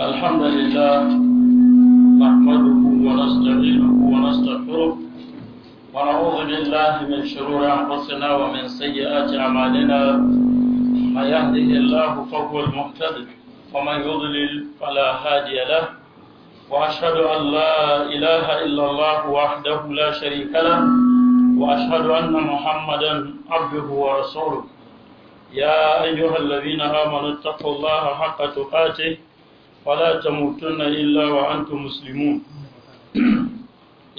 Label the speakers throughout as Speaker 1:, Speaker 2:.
Speaker 1: الحمد لله
Speaker 2: من شرور أنفسنا ومن سيئات أعمالنا ما يهده الله فهو المهتد ومن يضلل فلا هادي له وأشهد أن لا إله إلا الله وحده لا شريك له وأشهد أن محمدا عبده ورسوله يا أيها الذين آمنوا اتقوا الله حق تقاته ولا تموتن إلا وأنتم مسلمون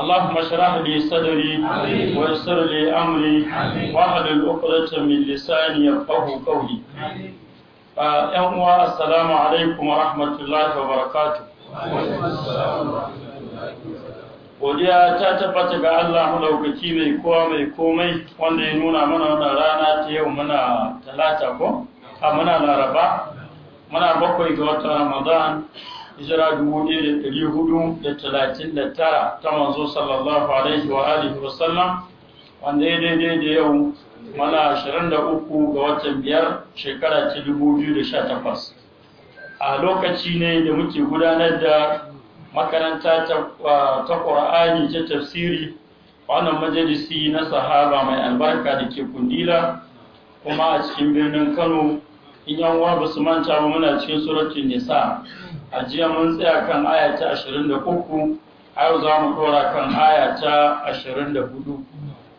Speaker 2: اللهم اشرح لي صدري ويسر لي امري واحلل عقدة من لساني يفقهوا قولي yan uwa assalamu alaikum wa rahmatullahi wa godiya ta tabbata ga Allah madaukaki mai kowa mai komai wanda ya nuna mana wannan rana ta yau muna talata ko a muna laraba muna bakwai ga watan ramadan hijira dubu ɗaya da ɗari hudu da talatin da tara ta manzo sallallahu alaihi wa alihi wa sallam wanda ya daidai da yau mana ashirin da uku ga watan biyar shekara ta dubu biyu da sha takwas a lokaci ne da muke gudanar da makaranta ta ƙur'ani ta tafsiri wannan majalisi na sahaba mai albarka da ke kundila kuma a cikin birnin kano in yan uwa ba su manta ba muna cikin suratun nisa a jiya mun tsaya kan aya ta 23 a yau za mu ɗora kan aya ta 24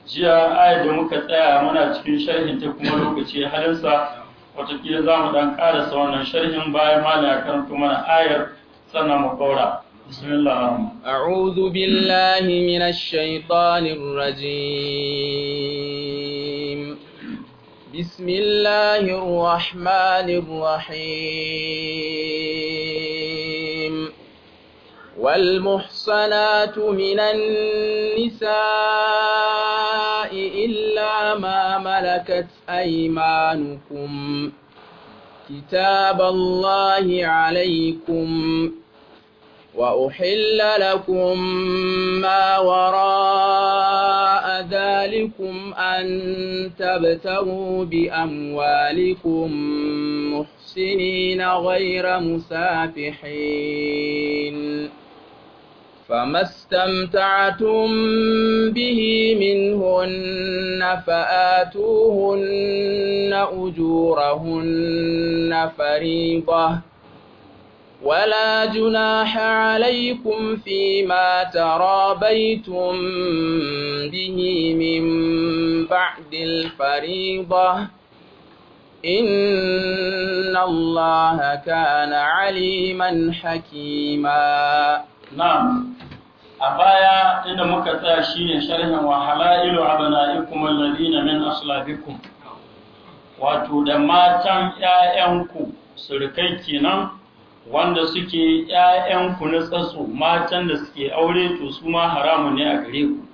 Speaker 2: jiya aya da muka tsaya muna cikin sharhin ta kuma lokaci halinsa watakila za mu dan ƙarasa wannan sharhin bayan mana ya karanta mana ayar sannan mu kora.
Speaker 1: أعوذ بالله من الشيطان الرجيم بسم الله الرحمن الرحيم والمحصنات من النساء إلا ما ملكت أيمانكم كتاب الله عليكم وأحل لكم ما وراء ذلكم أن تبتغوا بأموالكم محسنين غير مسافحين فما استمتعتم به منهن فآتوهن أجورهن فريضة ولا جناح عليكم فيما ترابيتم به من بعد الفريضة إن الله كان عليما حكيما نعم
Speaker 2: a baya inda muka tsaya shi ne sharhin wa halailu abna'ikum alladhina min asalabikun. wato da matan ƴaƴanku surukai kenan wanda suke ƴaƴanku na tsatso matan da suke aure to su ma haramun ne a gare ku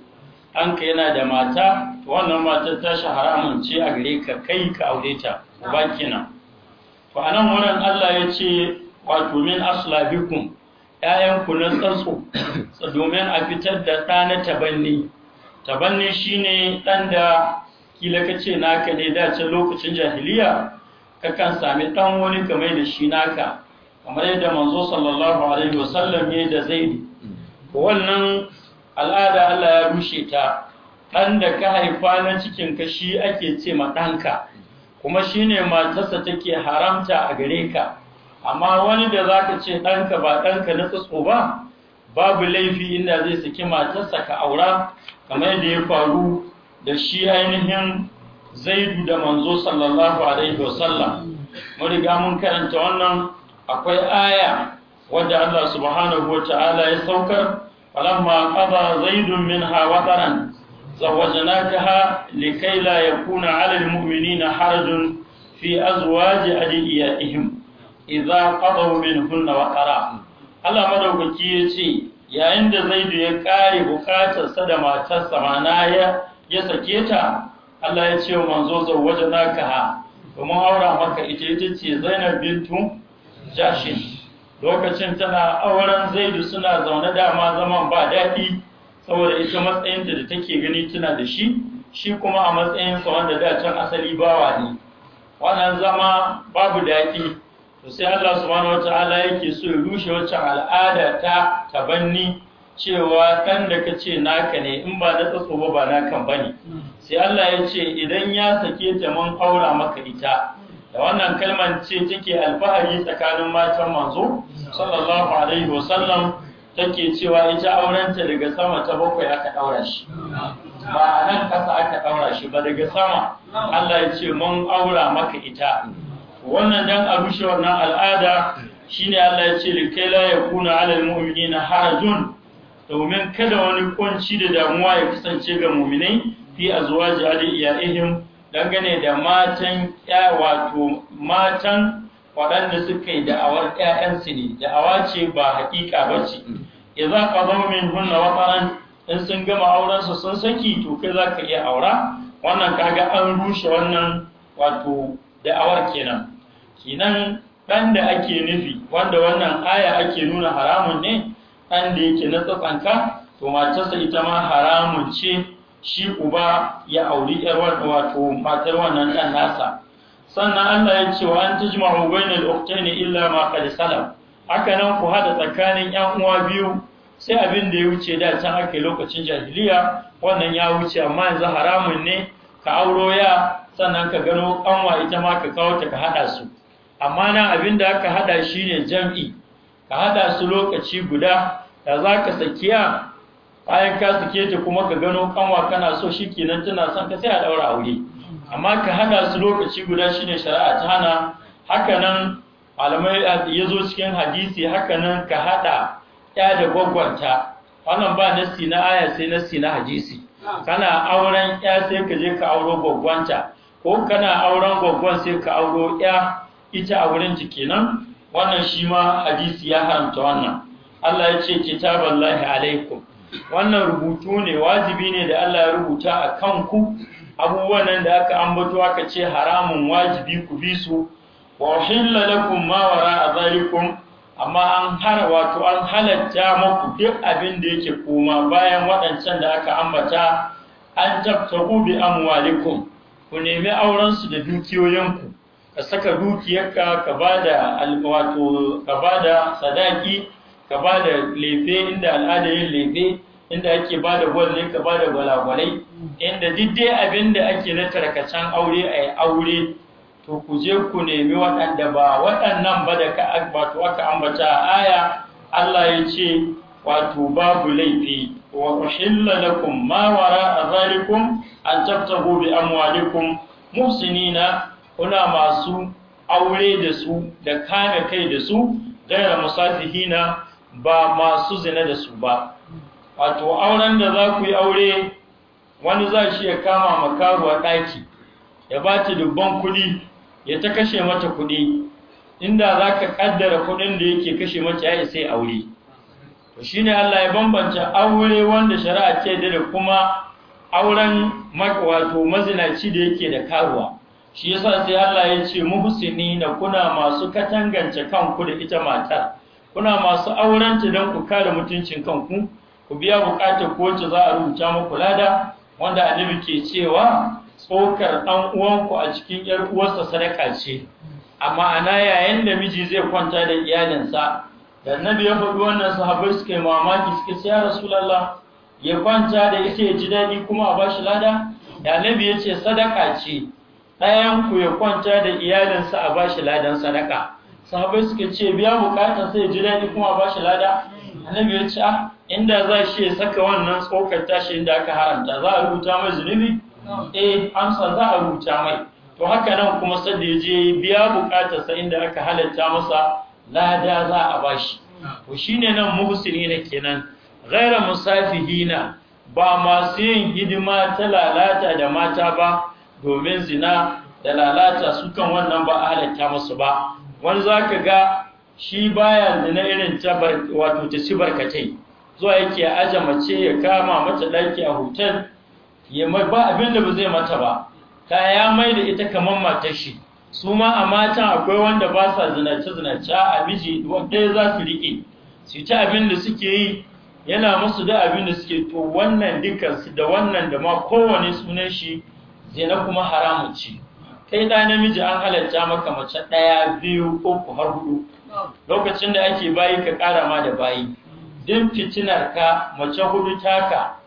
Speaker 2: an ka yana da mata to wannan matar shi haramun ce a gare ka kai ka aure ta ba kenan to anan wurin Allah ya ce wato min aslabikum ‘ya'yanku na tsatso domin a fitar da ɗa na tabanni tabanni shine ɗan da kila ka ce naka ne dace lokacin jahiliya ka kan sami ɗan wani kamar da shi naka kamar yadda manzo sallallahu alaihi wasallam ya da zaidi wannan al'ada Allah ya rushe ta ɗan da ka haifa na cikin ka shi ake ce ma ɗanka kuma shine matarsa take haramta a gare ka amma wani da za ka ce ɗanka ba ɗanka na tsatso ba babu laifi inda zai saki matarsa ka aura kamar yadda ya faru da shi ainihin zaidu da manzo sallallahu alaihi wasallam mun riga mun karanta wannan akwai aya wadda Allah subhanahu wata'ala ya saukar falamma qada zaidun minha wataran zawajnakaha ya la yakuna 'ala almu'minina harajun fi azwaji adiyatihim idza qadaw min wa qara Allah madaukaki yace yayin da Zaidu ya kare sa da matarsa mana ya ya sake ta Allah ya ce zo wajen naka ha kuma aura maka ita ita ce Zainab bintu Jashin lokacin tana auren Zaidu suna zaune dama zaman ba daɗi saboda ita matsayinta da take gani tana da shi shi kuma a sa wanda da can asali bawa ne wannan zama babu daɗi to sai Allah subhanahu wata'ala yake so ya rushe waccan al'ada ta tabanni cewa dan da ka naka ne in ba na tsatso ba ba naka bane sai Allah ya ce idan ya sake ta mun aura maka ita da wannan kalmar ce take alfahari tsakanin matan manzo sallallahu alaihi wasallam take cewa ita ta daga sama ta bakwai aka daura shi ba nan kasa aka daura shi ba daga sama Allah ya ce mun aura maka ita wannan dan a rushe wannan al'ada shine Allah ya ce kai la yakuna alal mu'minina harajun domin kada wani kunci da damuwa ya kasance ga mu'minai fi azwaji aliyaihim dangane da matan ya wato matan waɗanda suka yi da'awar ƴaƴansu ne da'awa ce ba haƙiƙa ba ce idza qadaw min hunna wataran in sun gama auren su sun saki to kai zaka iya aura wannan kaga an rushe wannan wato da'awar kenan kinan ɗan da ake nufi wanda wannan aya ake nuna haramun ne ɗan da yake na tsatsanka to matarsa ita ma haramun ce shi uba ya auri yar wato matar wannan ɗan nasa sannan Allah ya ce wa an tajma'u bainal ukhtaini illa ma qad salam haka nan ku hada tsakanin 'yan uwa biyu sai abin da ya wuce da can ake lokacin jahiliya wannan ya wuce amma yanzu haramun ne ka auro ya sannan ka gano kanwa ita ma ka kawo ta ka haɗa su amma nan abin da aka haɗa shi ne jam'i ka haɗa su lokaci guda da za ka sakiya bayan ka suke ta kuma ka gano kanwa kana so shi kenan tana son ka sai a ɗaura aure amma ka haɗa su lokaci guda shi ne shari'a ta hana haka nan malamai ya zo cikin hadisi haka nan ka haɗa ya da gwagwanta wannan ba nasi na aya sai nasi na hadisi kana auren ya sai ka je ka auro gwagwanta ko kana auren gwaggon sai ka auro ya ita a wurin jiki nan wannan shi ma hadisi ya haramta wannan Allah ya ce kitaballahi alaikum wannan rubutu ne wajibi ne da Allah ya rubuta a ku. abubuwan nan da aka ambato aka ce haramun wajibi ku bi su wa uhilla lakum ma wara azalikum amma an hana wato an halatta muku duk abin da yake koma bayan waɗancan da aka ambata an tabtaku bi amwalikum ku nemi aurensu da dukiyoyinku ka saka dukiyarka ka ba da wato ka ba sadaki ka ba da lefe inda al'ada yin lefe inda ake ba da gwalle ka ba da gwalagwalai inda diddai abin da ake na tarkacen aure a aure to ku je ku nemi waɗanda ba waɗannan ba da ka wato aka ambata a aya Allah ya ce wato babu laifi وأحل لكم ما وراء ذلكم أن تبتغوا بأموالكم محسنين هنا masu aure da su da kame kai da su gaira musafihina ba masu zina da su ba wato auren da za ku yi aure wani za shi ya kama makaruwa ɗaki ya ba ta dubban kuɗi ya ta kashe mata kuɗi inda za ka ƙaddara kuɗin da yake kashe mata ya isa aure to shine Allah ya bambanta aure wanda shari'a ce da kuma auren wato mazinaci da yake da karuwa shi yasa sai Allah ya ce na kuna masu katangance kanku da ita matar kuna masu aurenta dan ku kare mutuncin kanku ku biya bukatar ko wacce za a rubuta muku lada wanda annabi ke cewa tsokar dan uwanku a cikin yar uwarsa sadaka ce amma ana yayin da miji zai kwanta da iyalinsa da annabi ya faɗi wannan sahabbai suka yi mamaki suka ce ya rasulallah ya kwanta da ita ya ji daɗi kuma a bashi lada da annabi ya ce sadaka ce ɗayan ku ya kwanta da iyalinsa a bashi ladan sadaka sahabbai suka ce biya bukatar sai ya ji daɗi kuma a bashi lada annabi ya ce ah inda za shi ya saka wannan tsokar tashi inda aka haramta za a rubuta mai zunubi eh amsa za a rubuta mai to haka nan kuma sadda ya je biya bukatarsa inda aka halatta masa lada za a bashi shi shine nan muhsinina kenan musafi musafihina ba masu yin hidima ta lalata da mata ba domin zina da lalata sukan wannan ba a halatta musu ba wani za ka ga shi baya zina irin ta wato ta ci barkatai zuwa yake aje mace ya kama mata ɗaki a hotel ya ba abin da ba zai mata ba kaya mai da ita kamar matar shi Suma ma a matan akwai wanda ba sa zinace-zinace a miji ɗaya za su riƙe su ci abin da suke yi yana musu da abin da suke to wannan dukansu da wannan da ma kowane sunan shi zina kuma haramun ci kai ɗa namiji an halarta maka mace ɗaya biyu uku har hudu lokacin da ake bayi ka ƙara ma da bayi din fitinar ka mace hudu taka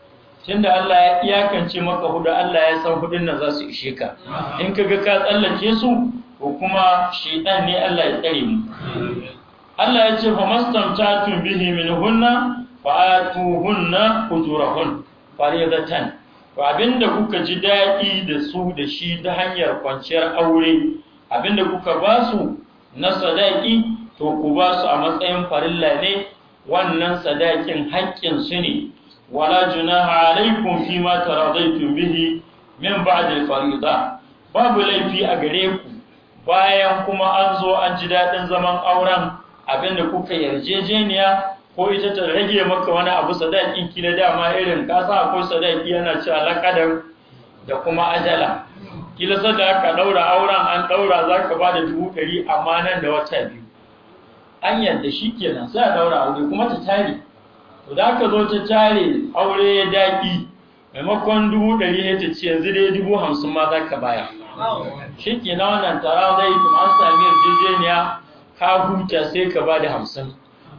Speaker 2: tunda Allah ya iyakance maka hudu Allah ya san hudun nan za su ishe ka in ka ga ka tsallake su ko kuma shaitan ne Allah ya tsare mu Allah ya ce fa mastamta'tum bihi min hunna fa atuhunna ujurahun fariyatan to abinda kuka ji daɗi da su da shi ta hanyar kwanciyar aure abinda kuka ba su na sadaki to ku ba su a matsayin farilla ne wannan sadakin haƙƙin su ne ولا جناح عليكم فيما ترضيتم به من بعد الفريضه باب لفي اغريكم bayan kuma an zo an ji daɗin zaman auren abinda kuka yarjejeniya ko ita ta rage maka wani abu sadaki ki na dama irin kasa ko sadaki yana ci alaƙadar da kuma ajala kila sada ka ɗaura auren an ɗaura za ka ba da dubu ɗari amma nan da wata biyu an yadda shi kenan sai a ɗaura aure kuma ta tare to da aka zo ta tare aure ya daƙi maimakon dubu ɗari ya ta ce yanzu dai dubu hamsin ma za ka baya shi ke na wannan tara zai kuma an sami yarjejeniya ka huta sai ka ba da hamsin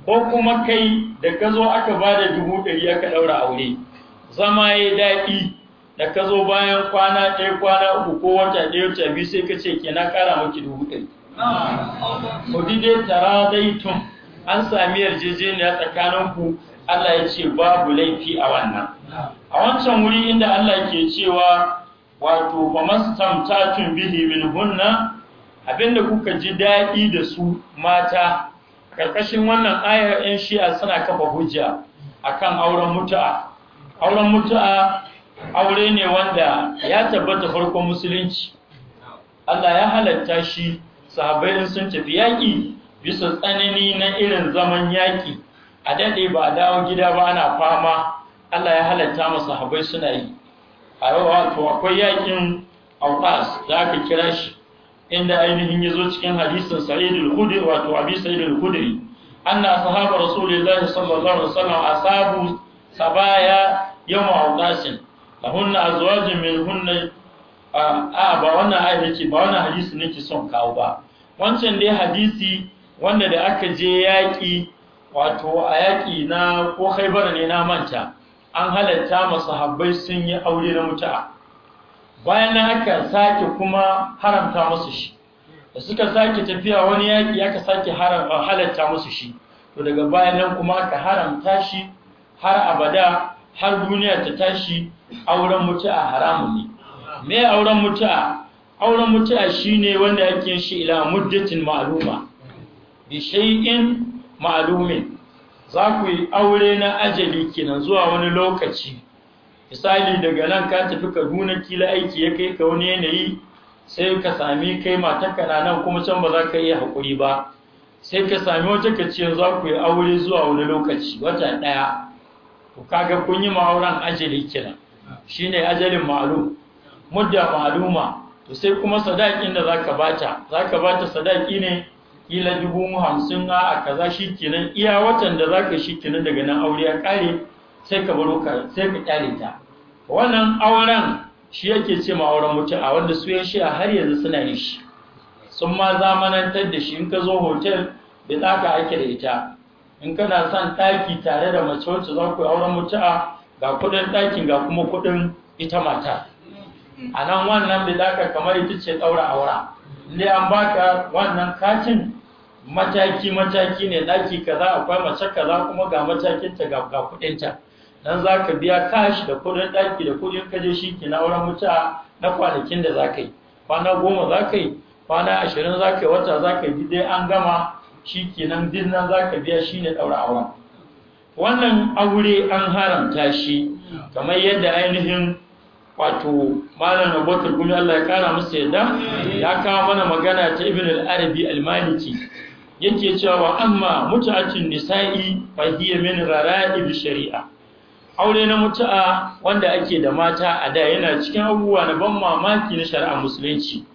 Speaker 2: ko kuma kai da ka zo aka ba da dubu ɗari aka ɗaura aure zama ya daɗi da ka zo bayan kwana ɗaya kwana uku ko wata ɗaya wata biyu sai ka ce ke na ƙara maki dubu ɗari. Kudi dai tara zai tun an sami yarjejeniya tsakaninku Allah ya ce babu laifi a wannan a wancan wuri inda Allah ke cewa wato fa tun bihi min hunna abinda kuka ji daɗi da su mata Ƙarƙashin wannan ayar yan shi'a suna kafa hujja a kan auren mutu'a auren mutu'a aure ne wanda ya tabbata farkon musulunci Allah ya halatta shi sahabai sun tafi yaƙi bisa tsanani na irin zaman yaƙi a daɗe ba a dawo gida ba ana fama Allah ya halatta masa habai suna yi a wato akwai yakin auqas da aka kira shi inda ainihin yazo cikin hadisin sa'idul al-khudri wato abi sa'idul al-khudri anna sahaba rasulillah sallallahu alaihi wasallam asabu sabaya yawm auqasin lahunna min hunna a ba wannan ayi nake ba wannan hadisi nake son kawo ba wancan dai hadisi wanda da aka je yaƙi wato a yaƙi na ko haibar ne na manta an halatta masu habbai sun yi aure na mutu'a bayan na haka sake kuma haramta musu shi da suka sake tafiya wani yaƙi aka sake halatta musu shi to daga bayan nan kuma aka haramta shi har abada har duniya ta tashi auren mutu'a haramun ne me auren mutu'a auren mutu'a shine wanda yake shi ila muddatin ma'aluma, bi shay'in ma'alumin za ku yi aure na ajali kenan zuwa wani lokaci misali daga nan ka tafi kaduna kila aiki ya kai ka wani yanayi sai ka sami kai mata na nan kuma can ba za ka iya haƙuri ba sai ka sami wata kaciyar za ku yi aure zuwa wani lokaci wata ɗaya Ku kaga kun yi ma'auran ajali kenan shine ajalin ma'alum. mudda ma'aluma. to sai kuma sadakin da za zaka bata zaka bata sadaki ne kila dubu hamsin a kaza shi kenan iya watan da za ka shi kenan daga nan aure ya kare sai ka baro ka sai ka kyale ta wannan auren shi yake ce ma auren mutum a wanda su shi a har yanzu suna yin shi sun ma zamanantar da shi in ka zo hotel bai tsaka ake da ita in kana son ɗaki tare da mace wacce za ku yi auren mutum a ga kuɗin ɗakin ga kuma kuɗin ita mata a nan wannan bai tsaka kamar ita ce ɗaura aura ne an baka wannan katin mataki mataki ne daki kaza akwai mace kaza kuma ga matakin ta ga kudinta dan zaka biya kashi da kudin daki da kudin kaje shi ke na auren mutu na kwanakin da zaka yi kwana goma zaka yi kwana ashirin zaka yi wata zaka yi dai an gama shi ke nan din nan zaka biya shi ne daura auren wannan aure an haramta shi kamar yadda ainihin wato malam abubakar gumi Allah ya kara masa yadda ya kawo mana magana ta ibn al-arabi al-maliki yake cewa wa amma mutu'atin nisa'i fa hiya min rara'ib shari'a aure na mutu'a wanda ake da mata a da yana cikin abubuwa na ban mamaki na shari'a musulunci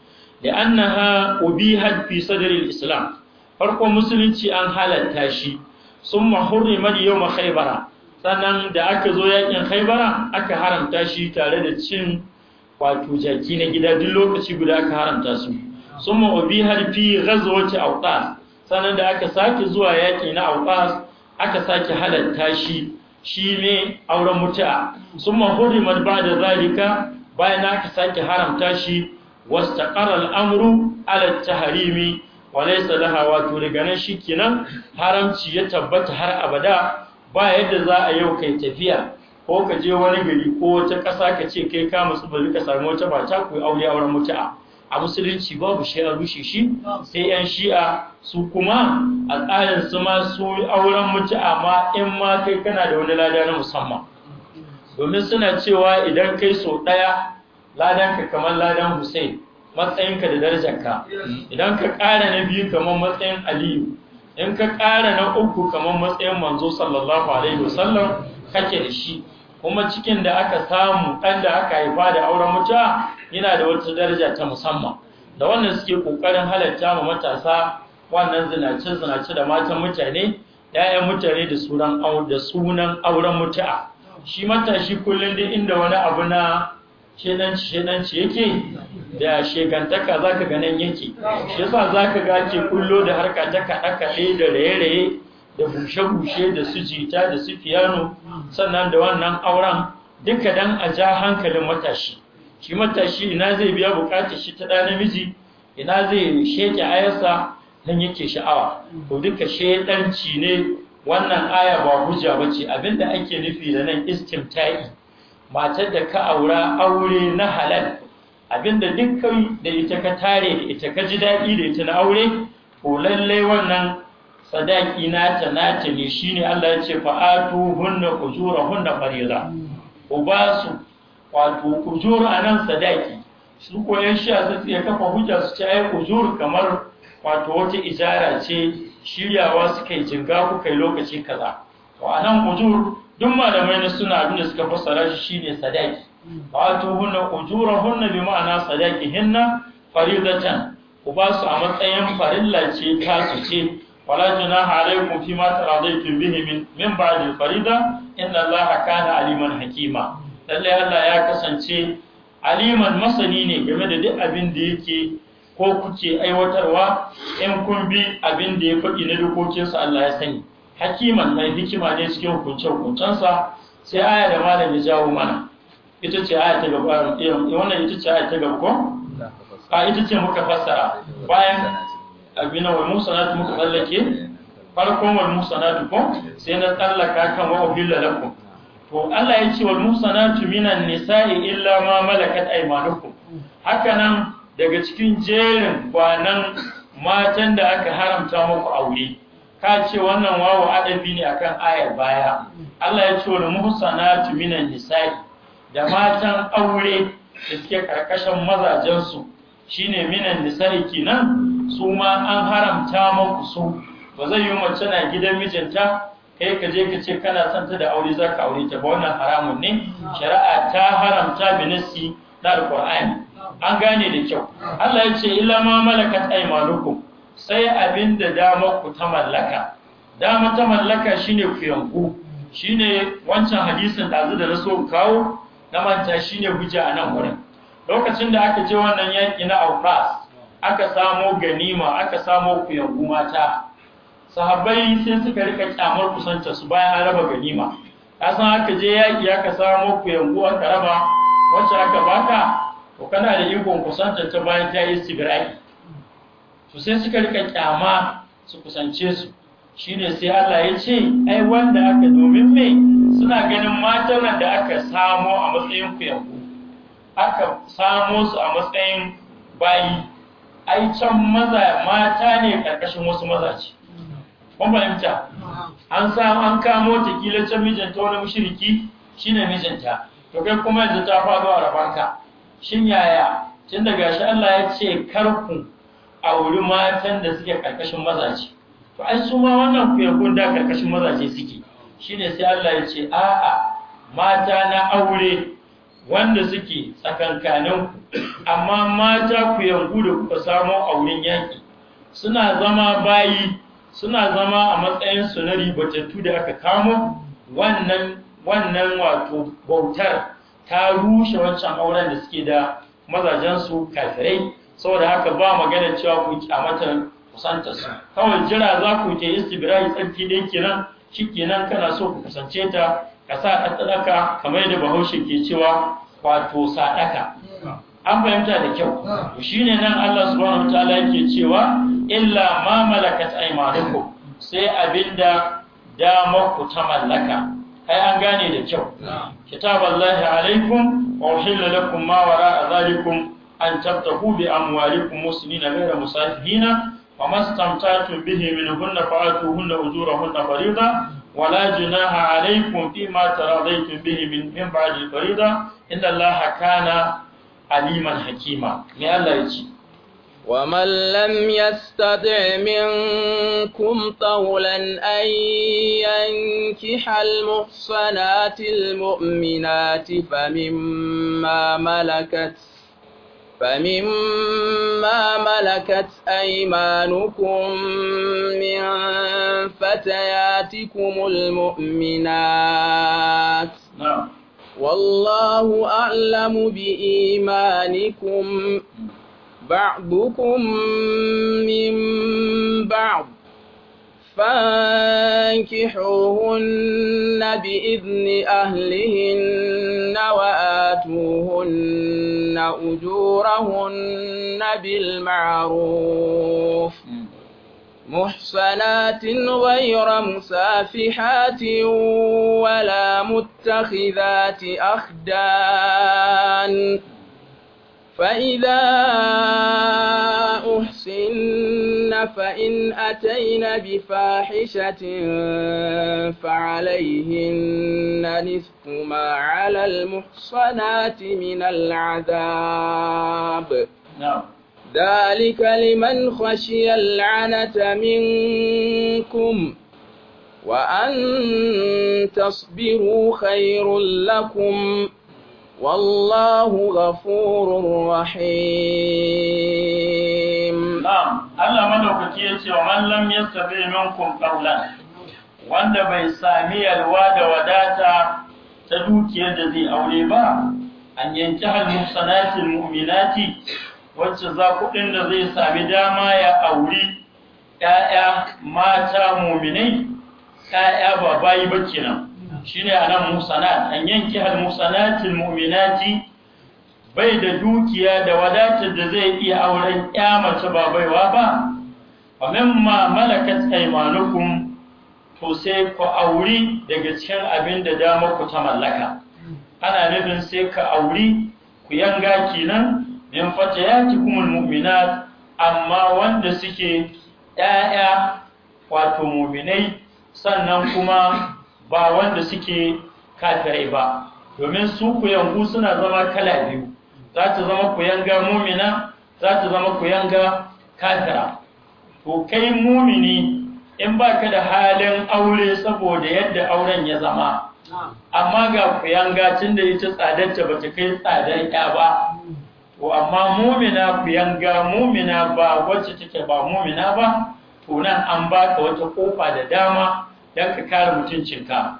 Speaker 2: da annaha ubihat fi sadri al-islam farkon musulunci an halatta shi sun summa hurrimat ma khaybara sannan da aka zo yakin haibara aka haramta shi tare da cin wato jaki na gida duk lokaci guda aka haramta su sun ma'obi harfi gazawaci autas sannan da aka sake zuwa yaki na autas aka sake halatta shi shi ne auren mutu'a sun mahurimar ba da zalika bayan aka sake haramta shi wasta ƙarar amuru alatta harimi wa laisa laha wato daga nan shi kenan haramci ya tabbata har abada ba yadda za a yau kai tafiya ko ka je wani gari ko wata ƙasa ka ce kai ka musu bari ka sami wata mata ku aure auren mutu'a a musulunci babu shi a rushe shi sai yan shi'a su kuma a tsarin su ma su auren mutu'a ma in ma kai kana da wani lada na musamman domin suna cewa idan kai so ɗaya ka kamar ladan Hussain, matsayinka da darajarka idan ka ƙara na biyu kamar matsayin Aliyu in ka ƙara na uku kamar matsayin manzo sallallahu alaihi wasallam kake da shi kuma cikin da aka samu ɗan da aka haifa da auren mutuwa yana da wata daraja ta musamman da wannan suke ƙoƙarin halatta ma matasa wannan zinace-zinace da matan mutane ‘ya'yan mutane da sunan auren mutu'a shi matashi kullum da inda wani abu na shenanci shenanci yake da shegantaka za ka nan yake shi yasa za ka ga ke kullo da harka ta kaɗe-kaɗe da raye-raye da bushe-bushe da su jita da su fiyano sannan da wannan auren duka dan a ja hankalin matashi shi matashi ina zai biya bukatar shi ta ɗan namiji ina zai sheke ayarsa nan yake sha'awa to duka shedanci ne wannan aya ba hujja bace abinda ake nufi da nan istimta'i matar da ka aura aure na halal abinda dukkan da ita ka tare da ita ka ji daɗi da ita na aure ko lallai wannan sadaki nata nata ne shine Allah ya ce fa'atu hunna kujura hunna fariza ku ba su wato kujura anan sadaki su koyan shi a zai kafa hujja su ce ai kujur kamar wato wata ijara ce shiryawa suka yi jinga kuka yi lokaci kaza to anan kujur duk malamai na suna abin da suka fassara shi shine sadaki wato hunna ujurahunna bi ma'ana sadaki, hinna, faridatan ku ba su a matsayin farilla ce ta su ce wala juna alaikum fi ma taradaytum bihi min min ba'di farida inna allaha kana aliman hakima lalle Allah ya kasance aliman masani ne game da duk abin da yake ko kuke aiwatarwa in kun bi abin da ya faɗi na dokokinsa Allah ya sani hakiman mai hikima ne cikin hukunce-hukuncensa sai aya da malami ya jawo mana ita ce aya ta gaba eh, wannan ita ce aya ta gaba a ita ce muka fassara bayan abinan musa na muka tsallake farkon musa na ko sai na tsallaka kan wa uhilla lakum to Allah ya ce wal musanatu minan nisa'i illa ma malakat aymanukum haka nan daga cikin jerin kwanan matan da aka haramta muku aure ka ce wannan wawo adabi ne akan ayar baya Allah ya ce wal muhsanatu minan nisa'i da matan aure da suke karkashin mazajensu shine minan nisa'i kinan su ma an haramta maku su ba zai yi mace na gidan mijinta kai ka je ka ce kana son ta da aure za ka aure ta ba wannan haramun ne shari'a ta haramta binasi na alqur'ani an gane da kyau Allah ya ce illa ma malakat aymanukum sai abin da damar ku ta mallaka dama ta mallaka shine ku yanku shine wancan hadisin da da na so kawo na manta shine hujja a nan wurin lokacin da aka ce wannan yanki na Abbas aka samo ganima aka samo ku yanku mata sahabbai sai suka rika kyamar kusanta su bayan an raba ganima san aka je yaki aka samo ku yanku aka raba wacce aka baka to kana da ikon kusanta ta bayan ta yi sibirai su sai suka rika kyama su kusance su Shi ne sai Allah ya ce ai wanda aka domin me suna ganin matan da aka samo a matsayin kuyanku aka samo su a matsayin bayi ai can maza mata ne karkashin wasu maza ce. fahimta an samu an kamo ta kila can mijinta wani mushriki shine mijinta to kai kuma yanzu ta faɗo a rabanka shin yaya tun daga shi Allah ya ce karku a wuri matan da suke karkashin mazaje to ai su ma wannan kuyagun da karkashin mazaje suke shine sai Allah ya ce a'a mata na aure wanda suke tsakankanin amma mata ku yanku da kuka samo auren yaki suna zama bayi suna zama a matsayin su na ribatattu da aka kamo wannan wannan wato bautar ta rushe wancan auren da suke da mazajensu kafirai saboda haka ba magana cewa ku a mata kusanta su kawai jira za ku je istibirai tsarki dai kenan shikenan kana so ku kusance ta ka sa ɗan tsadaka kamar yadda bahaushe ke cewa wato sadaka an fahimta da kyau shi ne nan Allah subhanahu wataala yake cewa illa ma malakat aymanuku sai abinda dama ku ta mallaka Kai an gane da kyau kitaballahi alaikum wa uhilla lakum ma wara'a zalikum an tabta hube amwalikun musulmi na gaira musafihina wa mastamtatu bihi min hunna fa atu hunna ujura hunna farida wa la junaha alaykum fi ma taradaytu bihi min min ba'di farida inna allaha kana aliman hakima me allah
Speaker 1: yace wa man lam yastati minkum tawlan an yankiha al muhsanati al mu'minati famimma malakat فمما ملكت أيمانكم من فتياتكم المؤمنات نعم. والله أعلم بإيمانكم بعضكم من بعض فانكحوهن بإذن أهلهن وآتوهن أجورهن بالمعروف محصنات غير مسافحات ولا متخذات أخدان
Speaker 2: فإذا
Speaker 1: أحسن فإن أتين بفاحشة فعليهن نصف ما على المحصنات من العذاب نعم ذلك لمن خشي العنة منكم وأن تصبروا خير لكم والله غفور رحيم Allah madaukaki
Speaker 2: ya ce wa mallam lam yastabi minkum qawlan wanda bai sami yalwa da wadata ta dukiyar da zai aure ba an yanki halin sanatin mu'minati wacce za kuɗin da zai sami dama ya auri ‘ya'ya mata muminai ‘ya'ya ba bayi ba kenan shi ne nan musanat an yanki halmusanatin muminati bai da dukiya da wadatar da zai iya auren ya mace ba baiwa ba a mimma malakat aimanukun to sai ku auri daga cikin abin da dama ku ta mallaka ana nufin sai ka auri ku yanga ya min kuma mu'minat amma wanda suke ƴaƴa wato mu'minai sannan kuma ba wanda suke kafirai ba domin su ku yanku suna zama kala biyu za ta zama kuyanga mumina za ta zama kuyanga kafira to kai mumini in baka da halin aure saboda yadda auren ya zama amma ga kuyanga tunda ita tsadarta ba ta kai tsadar ya ba to amma mumina kuyanga mumina ba wacce take ba mumina ba to nan an baka wata kofa da dama don ka kare mutuncinka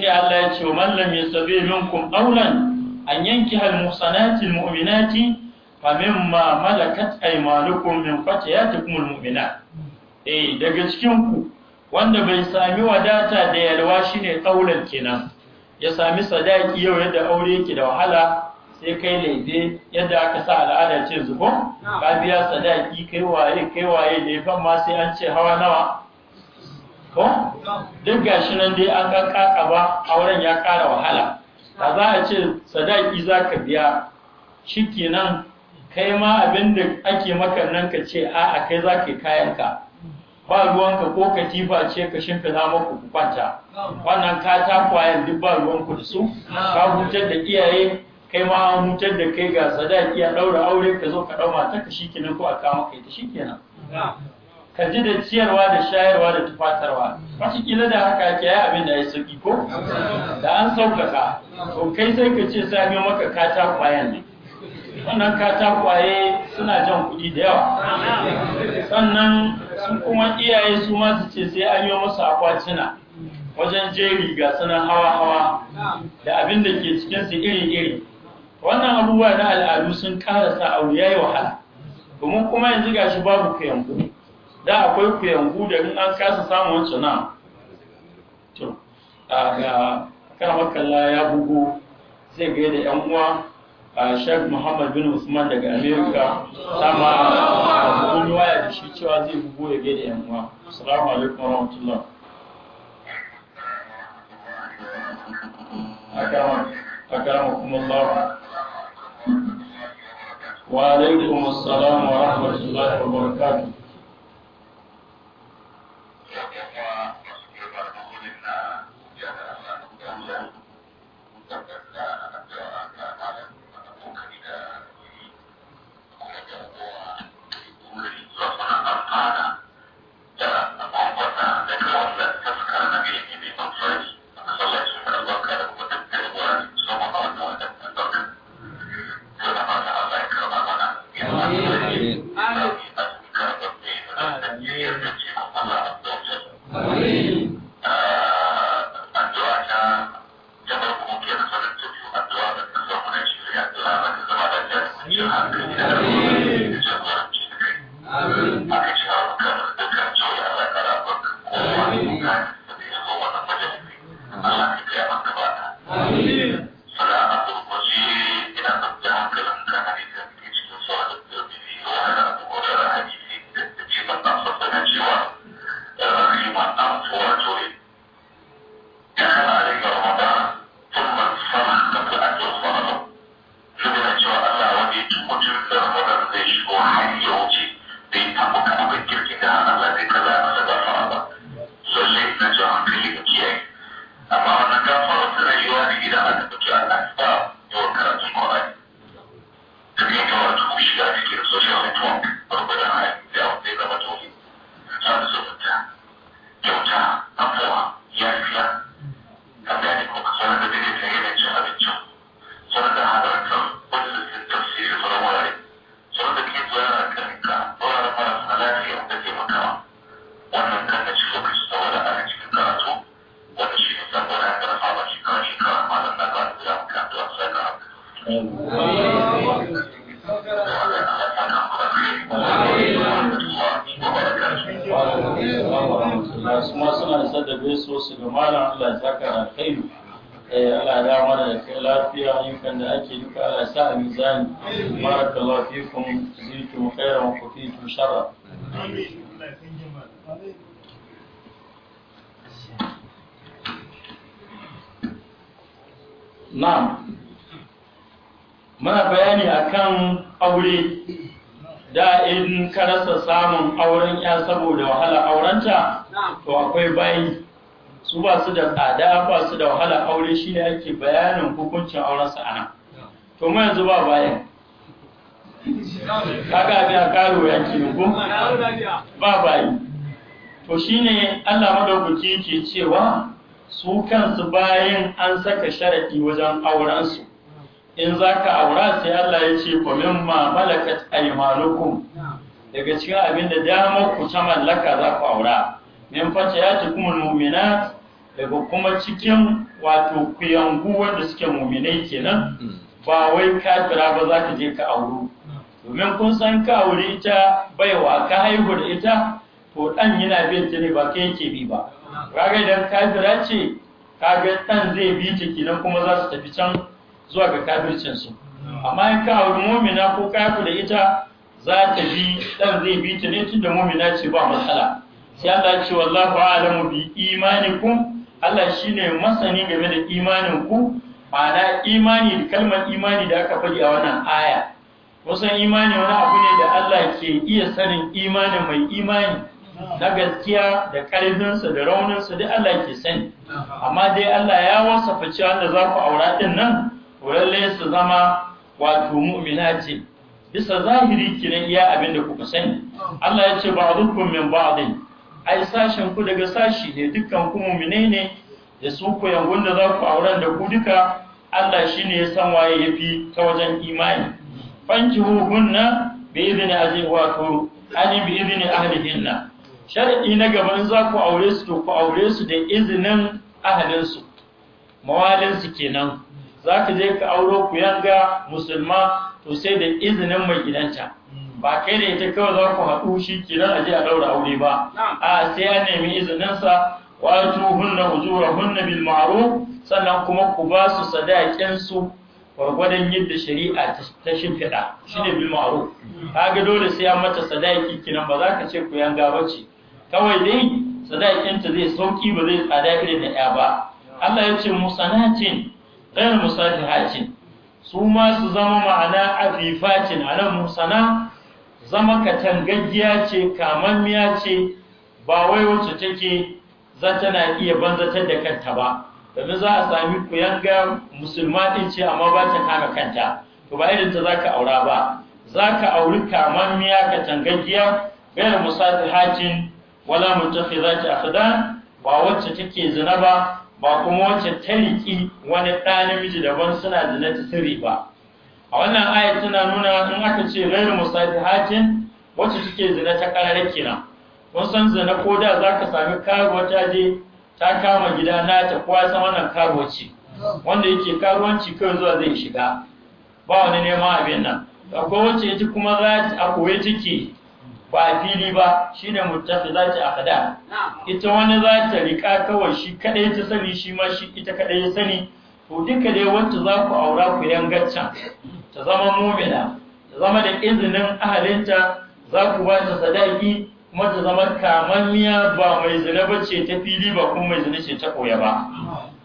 Speaker 2: ne Allah ya ce wa man lam yasabi minkum aulan an yanki hal musanatil mu'minati fa mimma malakat aymanukum min fatiyatikum almu'minat eh daga cikin ku wanda bai sami wadata da yalwa shine kaulan kenan ya sami sadaki yau yadda aure yake da wahala sai kai laife yadda aka sa al'ada ce zubo ka biya sadaki kai waye kai waye da ya ma sai an ce hawa nawa ko duk gashi nan dai an ga kaka ba auren ya kara wahala A za a ce sadaki za ka biya shi kenan kai ma abin da ake maka nan ka ce a a kai za ka yi kayanka ba ruwanka ko katifa ce ka shimfina maku ku kwanta wannan ka ta kwayan duk ba ruwanku da su ka hutar da iyaye kai ma an hutar da kai ga sadaki a ɗaura aure ka zo ka ɗau mata ka shi kenan ko a kama kai ta shi kenan ka ji da ciyarwa da shayarwa da tufatarwa kila da haka ke yi abin da ya sauki ko da an sauƙaƙa to kai sai ka ce sami maka kata ƙwayan ne wannan kata ƙwaye suna jan kuɗi da yawa sannan sun kuma iyaye su ma ce sai an yi masu akwatina wajen jeri ga sanar hawa-hawa da abin da ke cikinsu iri-iri wannan abubuwa na al'adu sun karasa a wuya ya yi wahala domin kuma yanzu gashi babu kayan da akwai kuyangu da in an kasa samun wancan na to a ga karamakalla ya bugu zai ga da yan uwa a shek muhammad bin usman daga america sama a bugun waya da shi cewa zai bugu ya ga da yan uwa assalamu alaikum warahmatullah Wa الله وعليكم wa ورحمة wa وبركاته bahwa iya, iya, iya. su kansu bayan an saka sharaɗi wajen aurensu in za ka aura sai Allah ya ce kwamin ma malakat aimanukum daga cikin abin da damar ku ta mallaka za ku aura min face ya ci kuma muminat daga kuma cikin wato kuyangu wanda suke muminai kenan ba wai kafira ba za ka je ka auru domin kun san ka aure ita baiwa ka haihu da ita to dan yana bin ta ne ba kai yake bi ba kaga idan kafira ce kaga ɗan zai bi ta kenan kuma za su tafi can zuwa ga kafircin su amma in ka auri mumina ko da ita za ta bi ɗan zai bi ta ne tunda mumina ce ba matsala sai Allah ya ce wallahu a'lamu bi imanikum Allah shine masani game da imanin ku ma'ana imani kalmar imani da aka faɗi a wannan aya wasan imani wani abu ne da Allah ke iya sanin imanin mai imani na gaskiya da ƙarfinsa da rauninsa da Allah ke sani amma dai Allah ya wasafa cewa da za ku aura ɗin nan lalle su zama wato mu'mina ce bisa zahiri kiran iya abin da kuka sani Allah ya ce ba'dukum min ba'din ai sashen ku daga sashi ne dukkan ku mu'mine ne da su ku yangun da za ku aura da ku duka Allah shine ya san waye yafi ta wajen imani fankihu gunna bi idni azihi wa turu ani bi idni ahlihinna shar'i na gaban za ku aure su to ku aure su da izinin ahalinsu mawalinsu kenan za ka je ka auro ku yanga musulma to sai da izinin mai gidanta ba kai da ita kawai za ku haɗu shi kenan a je a ɗaura aure ba a sai an nemi izininsa wato hunna ujura hunna bil ma'ruf sannan kuma ku ba su sadakin su gwargwadon yadda shari'a ta shimfiɗa shi ne bil ma'ruf ga dole sai an mata sadaki kinan ba za ka ce ku yanga ba ce. kawai dai sadakinta zai sauki ba zai tsada irin da ya ba Allah ya ce musanatin musafi musafihatin su ma su zama ma'ana afifatin anan musana zama tangajiya ce kamammiya ce ba wai wacce take zata na iya banzatar da kanta ba domin za a sami kuyanga musulma ɗin ce amma ba ta kama kanta to ba irinta za ka aura ba Za ka auri kamammiya katangaggiya musafi hacin wala mutakhizati akhdan ba wacce take zina ba ba kuma wacce ta liki wani ɗa namiji daban suna zina ta sirri ba a wannan aya tana nuna in aka ce ghairu musafihatin wacce take zina ta karare kenan mun san zina ko da zaka sami karuwa ta je ta kama gida na ta kwasa wannan karuwa ce wanda yake karuwanci kawai zuwa zai shiga ba wani neman abin nan akwai wacce ji kuma za a koye take ba a fili ba shi da mutasi za ta akada ita wani za ta riƙa kawai shi kaɗai ta sani shi ma shi ita kaɗai ya sani to duka dai wanda za ku aura ku yangaccan ta zama mumina ta zama da izinin ahalinta za ku ba ta sadaki kuma ta zama kamanniya ba mai zina ba ce ta fili ba kuma mai zina ce ta koya ba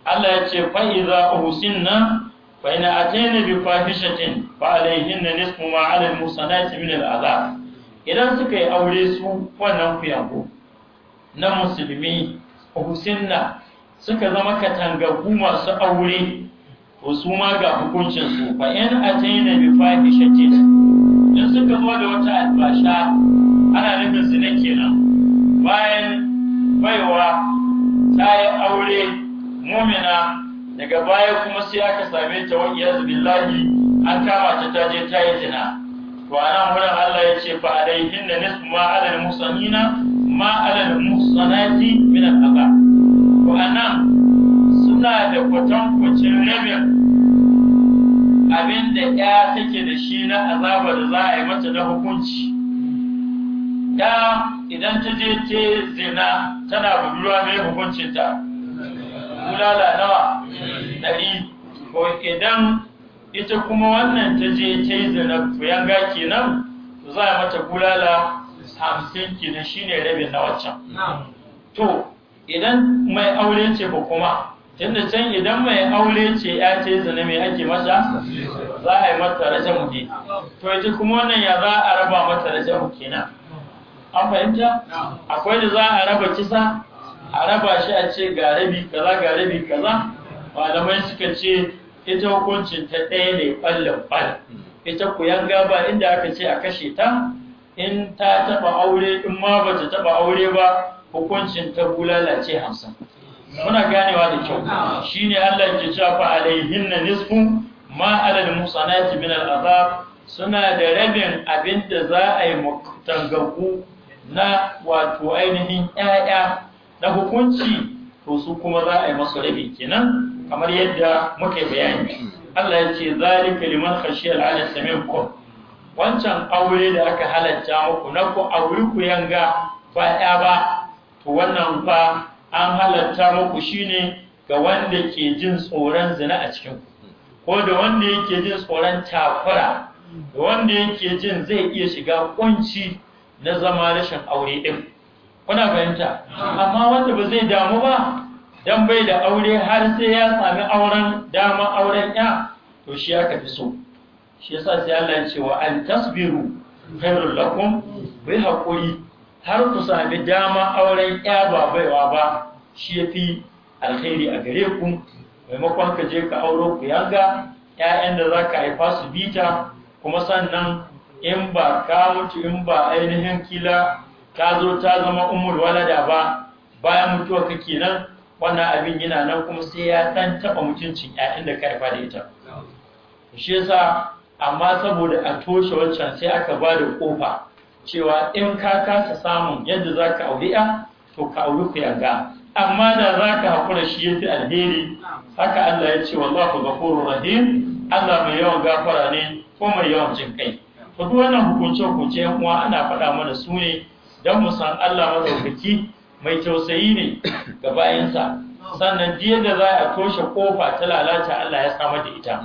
Speaker 2: Allah ya ce fa'iza uhsinna fa ina atayna bi fahishatin fa alayhinna nisfu ma 'ala al-musanati min al-'adab idan suka yi aure su wannan kuyago na musulmi husinna suka zama katangagu masu aure ko su ma ga 'yan su fa in da bi fahishatin Idan suka zo da wata albasha ana nufin su na kenan bayan baiwa ta yi aure mumina daga baya kuma sai aka same ta wa iyazu billahi an kama ta ta ta yi zina to anan wurin Allah ya ce fa da nisfu ma alal musanina ma alal musanati min al aqa to suna da kwatankwacin rabin abinda da ya take da shi na azaba da za a yi mata na hukunci ya idan ta je ce zina tana budurwa mai hukuncinta bulala nawa ɗari ko idan ita kuma wannan ta je ta yi ya ga kenan nan za a mata bulala hamsin shi shine rabin na waccan to idan mai aure ce ba kuma tunda can idan mai aure ce ya ce zina mai ake mata za a yi mata rajamu muke to ita kuma wannan ya za a raba mata muke nan an fahimta akwai da za a raba kisa a raba shi a ce ga rabi kaza ga rabi kaza malamai suka ce ita hukuncin ta ɗaya ne ɓallon ɓal ita kuyanga ba inda aka ce a kashe ta in ta taɓa aure in ma ba ta taɓa aure ba hukuncin ta bulala ce hamsin muna ganewa da kyau shine Allah ke cewa fa na nisfu ma alal musanati min al azab suna da rabin abinda za a yi tangagu na wato ainihin 'ya'ya na hukunci to su kuma za a yi masu rabin kenan kamar yadda muka bayani Allah ya ce zalika liman khashiya al'ala saminku wancan aure da aka halatta muku na ku aure ku yanga fa ya ba to wannan fa an halatta muku shine ga wanda ke jin tsoron zina a cikin ku ko da wanda yake jin tsoron takura da wanda yake jin zai iya shiga kunci na zama rashin aure din kuna fahimta amma wanda ba zai damu ba dan bai da aure har sai ya sami auren dama auren ya to shi aka fi so shi yasa sai Allah ya ce wa an tasbiru khairul lakum bai hakuri har ku sami dama auren ya ba baiwa ba shi yafi alkhairi a gare ku maimakon ka je ka auro ku yanga ƴaƴan da za ka haifa su bita kuma sannan in ba ka mutu in ba ainihin kila ka zo ta zama umul walada ba bayan mutuwa kake nan wannan abin yana nan kuma sai ya dan taba mutuncin ƴaƴan da ka da ita shi yasa amma saboda a toshe wancan sai aka ba da kofa cewa in ka kasa samun yadda za ka auri ya to ka auri ku yanga amma da za ka haƙura shi yadda alheri haka Allah ya ce wallahu ghafurur rahim Allah mai yawan gafara ne ko mai yawan jin kai to duk wannan hukunce hukunce ana faɗa mana su ne dan mu san Allah mazaukaki mai tausayi ne ga bayansa sannan diya da za a toshe kofa ta lalata Allah ya samar da ita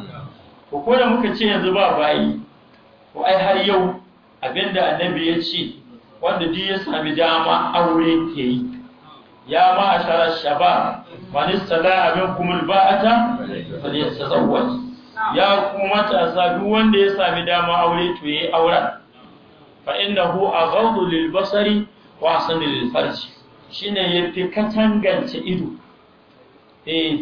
Speaker 2: ko ko da muka ce yanzu ba bayi ko ai har yau abinda annabi ya ce wanda duk ya sami dama aure ke yi ya ma ashara shaba man istala abin kumul ba'ata ya kuma matasa duk wanda ya sami dama aure to yayi auren fa innahu aghaddu lil basari wa ahsanu lil farji shine yafi katangance ido eh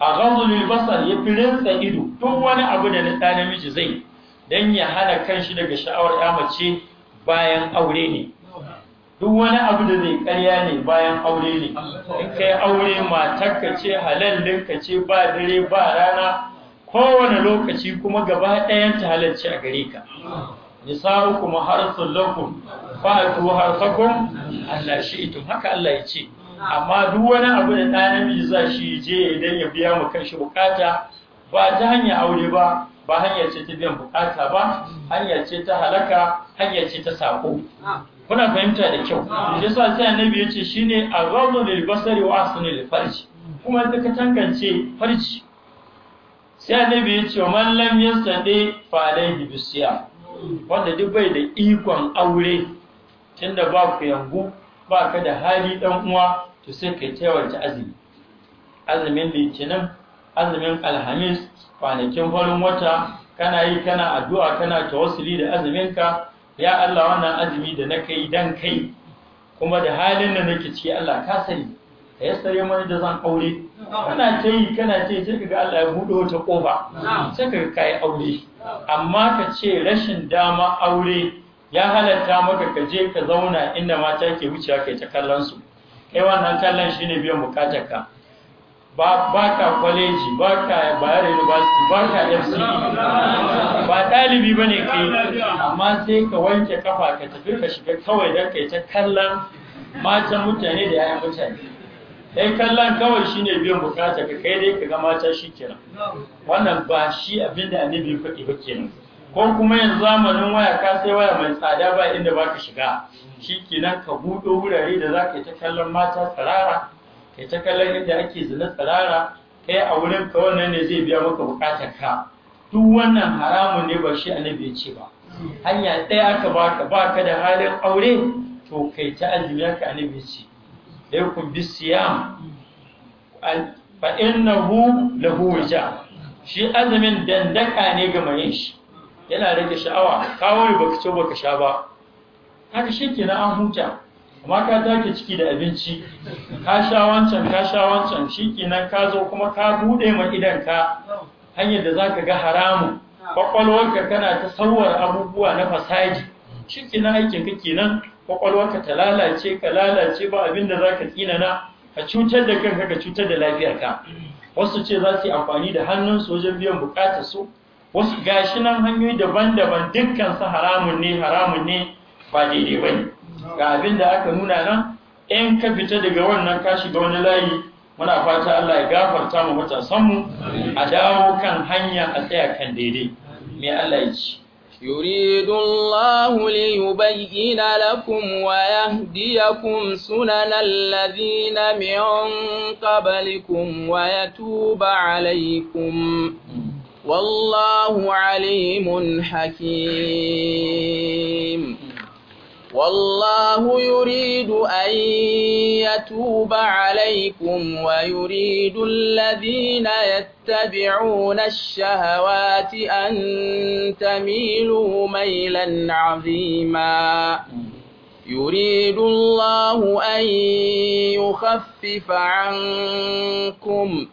Speaker 2: a ghadul basar yafi rinsa ido duk wani abu da na namiji zai dan ya hana shi daga sha'awar yamace mace bayan aure ne duk wani abu da zai karya ne bayan aure ne in kai aure matarka ce halallinka ce ba dare ba rana kowane lokaci kuma gaba ɗayan ta halarci a gare ka nisarukum harsul lakum fa'tu harsakum Allah shi'tum haka Allah ya ce amma duk wani abu da ɗan namiji za shi je idan ya biya mu kanshi bukata ba ta hanyar aure ba ba hanyar ce ta biyan bukata ba hanyar ce ta halaka hanyar ce ta sako kuna fahimta da kyau shi yasa sai annabi ya ce shine aghadhu lil basari wa asnu lil farji kuma da ka tangance farji sai annabi ya ce man lam yastadi fa alayhi bisiyam wanda duk bai da ikon aure tunda ba ku yangu ba ka da hali dan uwa to sai kai taiwarci azumi azumin litinin azumin alhamis kwanakin farin wata kana yi kana addu'a kana tawassuli da azuminka ya Allah wannan azumi da na kai dan kai kuma da halin da nake ciki Allah ka sani ka yassare mani da zan aure kana ta yi kana ce, yi sai kaga Allah ya buɗe wata ƙofa sai kaga ka yi aure amma ka ce rashin dama aure ya halatta maka ka je ka zauna inda mata ke wucewa kai ta kallon su kai wannan kallon shi ne biyan bukatar ka ba ka kwaleji ba ka bayar university ba ka fce ba ɗalibi ba ne kai amma sai ka wanke kafa ka tafi ka shiga kawai don kai ta kallon matan mutane da 'ya'yan mutane ɗan kallon kawai shi ne biyan bukata ka kai dai ka ga ta shi kenan wannan ba shi abin da annabi ya faɗi ba kenan ko kuma yanzu zamanin waya ka sai waya mai tsada ba inda ba ka shiga shi kenan ka buɗo wurare da za ka yi ta kallon mata tsirara ka yi ta kallon inda ake zina tsirara kai a wurin ka wannan ne zai biya maka bukatar ka duk wannan haramun ne ba shi annabi ya ce ba hanya ɗaya aka baka baka da halin aure to kai ta azumi ka annabi ya ce alaikum bisiyam fa innahu lahu wija shi azumin dandaka ne ga mai shi yana rage sha'awa kawai baka ce baka sha ba haka na an huta amma ka take ciki da abinci ka sha wancan ka sha wancan shikenan ka zo kuma ka bude ma idan ka hanyar da zaka ga haramun kwakwalwarka kana ta sauwar abubuwa na fasaji shikenan aikin ka kenan kwakwalwanka ta lalace ka lalace ba abin da za ka tsinana ka cutar da kanka ka cutar da lafiyarka wasu ce za su yi amfani da hannunsu wajen biyan bukatar su wasu gashi nan hanyoyi daban-daban dukkan su haramun ne haramun ne ba daidai ba ne ga abin da aka nuna nan 'yan ka fita daga wannan kashi ga wani layi muna fata Allah ya gafarta mu matasanmu a dawo kan hanya a tsaya kan daidai me Allah ya ci
Speaker 1: يريد الله ليبين لكم ويهديكم سنن الذين من قبلكم ويتوب عليكم والله عليم حكيم والله يريد أن يتوب عليكم ويريد الذين يتبعون الشهوات أن تميلوا ميلا عظيما يريد الله أن يخفف عنكم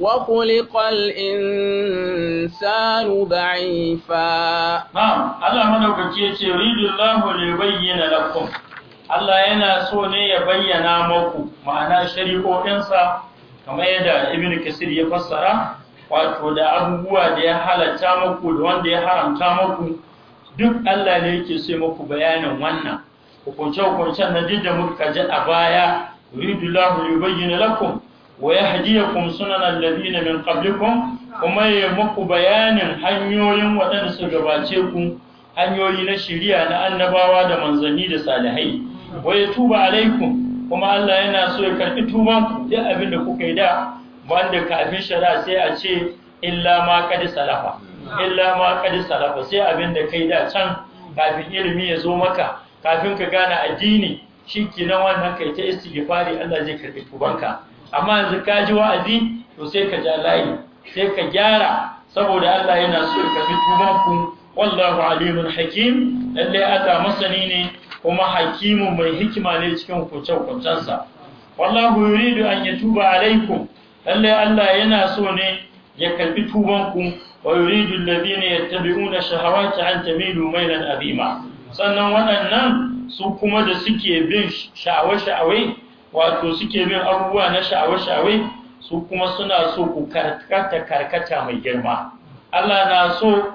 Speaker 1: وخلق الإنسان ضعيفا
Speaker 2: نعم الله ملوك كيتي يريد الله ليبين لكم الله yana so ne ya bayyana maku ma'ana shari'o'insa kamar yadda Ibn Kasir ya fassara wato da abubuwa da ya halatta maku da wanda ya haramta maku duk Allah ne yake so maku bayanin wannan hukunce-hukuncen na duk da muka ji a baya yuridu lahu yubayyana lakum wa yahdiyakum sunan alladhina min qablikum kuma ya maku bayanin hanyoyin waɗanda su gabace ku hanyoyi na shiriya na annabawa da manzanni da salihai wa yatuba alaikum kuma Allah yana so ya karɓi tubanku duk abin da kuka yi da wanda kafin shari'a sai ace ce illa ma kadi salafa illa ma kadi salafa sai abin da kai da can kafin ilimi ya zo maka kafin ka gane addini shi kenan wannan kai ta istighfari Allah zai karɓi tubanka amma yanzu ka ji wa'azi to sai ka ja layi sai ka gyara saboda Allah yana so ka bi tubanku wallahu alimun hakim lallai aka masani ne kuma hakimu mai hikima ne cikin kuce-kucensa wallahu yuridu an yatuba alaikum Lallai Allah yana so ne ya karbi tubanku wa yuridu alladhina yattabi'una shahawati an tamilu mailan abima sannan waɗannan su kuma da suke bin sha'awa-sha'awai wato suke bin abubuwa na sha'awa-sha'awai su kuma suna so ku karkata karkata mai girma Allah na so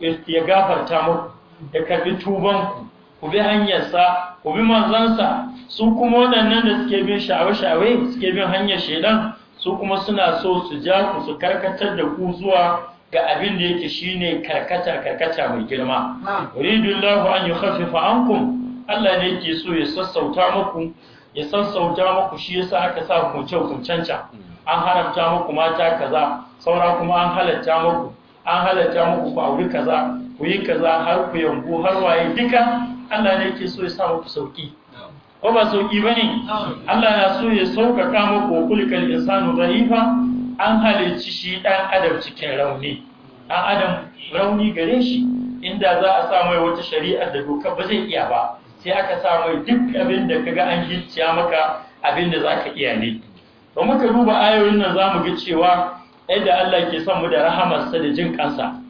Speaker 2: ya gafarta muku ya karbi tubanku ku bi hanyarsa ku bi manzansa su kuma waɗannan da suke bin sha'awa-sha'awai suke bin hanyar shaidan su kuma suna so su ja ku su karkatar da ku zuwa ga abin da yake shine karkata karkata mai girma yuridullahu an yukhaffifa ankum Allah ne yake so ya sassauta muku ya sassauta muku shi yasa aka sa kunce kuncanca an haramta muku mata kaza saura kuma an halatta muku an halatta muku ku auri kaza ku yi kaza har ku yanku har waye duka Allah ne yake so ya sa muku sauki ko ba sauki bane Allah na so ya sauƙaƙa muku kulikal insanu zaifa an halicci shi dan adam cikin rauni dan adam rauni gare shi inda za a sa mai wata shari'a da doka ba zai iya ba sai aka sa mai duk abin da kaga an gicciya maka abin da zaka iya ne to muka duba ayoyin nan zamu ga cewa yadda Allah ke son mu da rahamarsa da jin kansa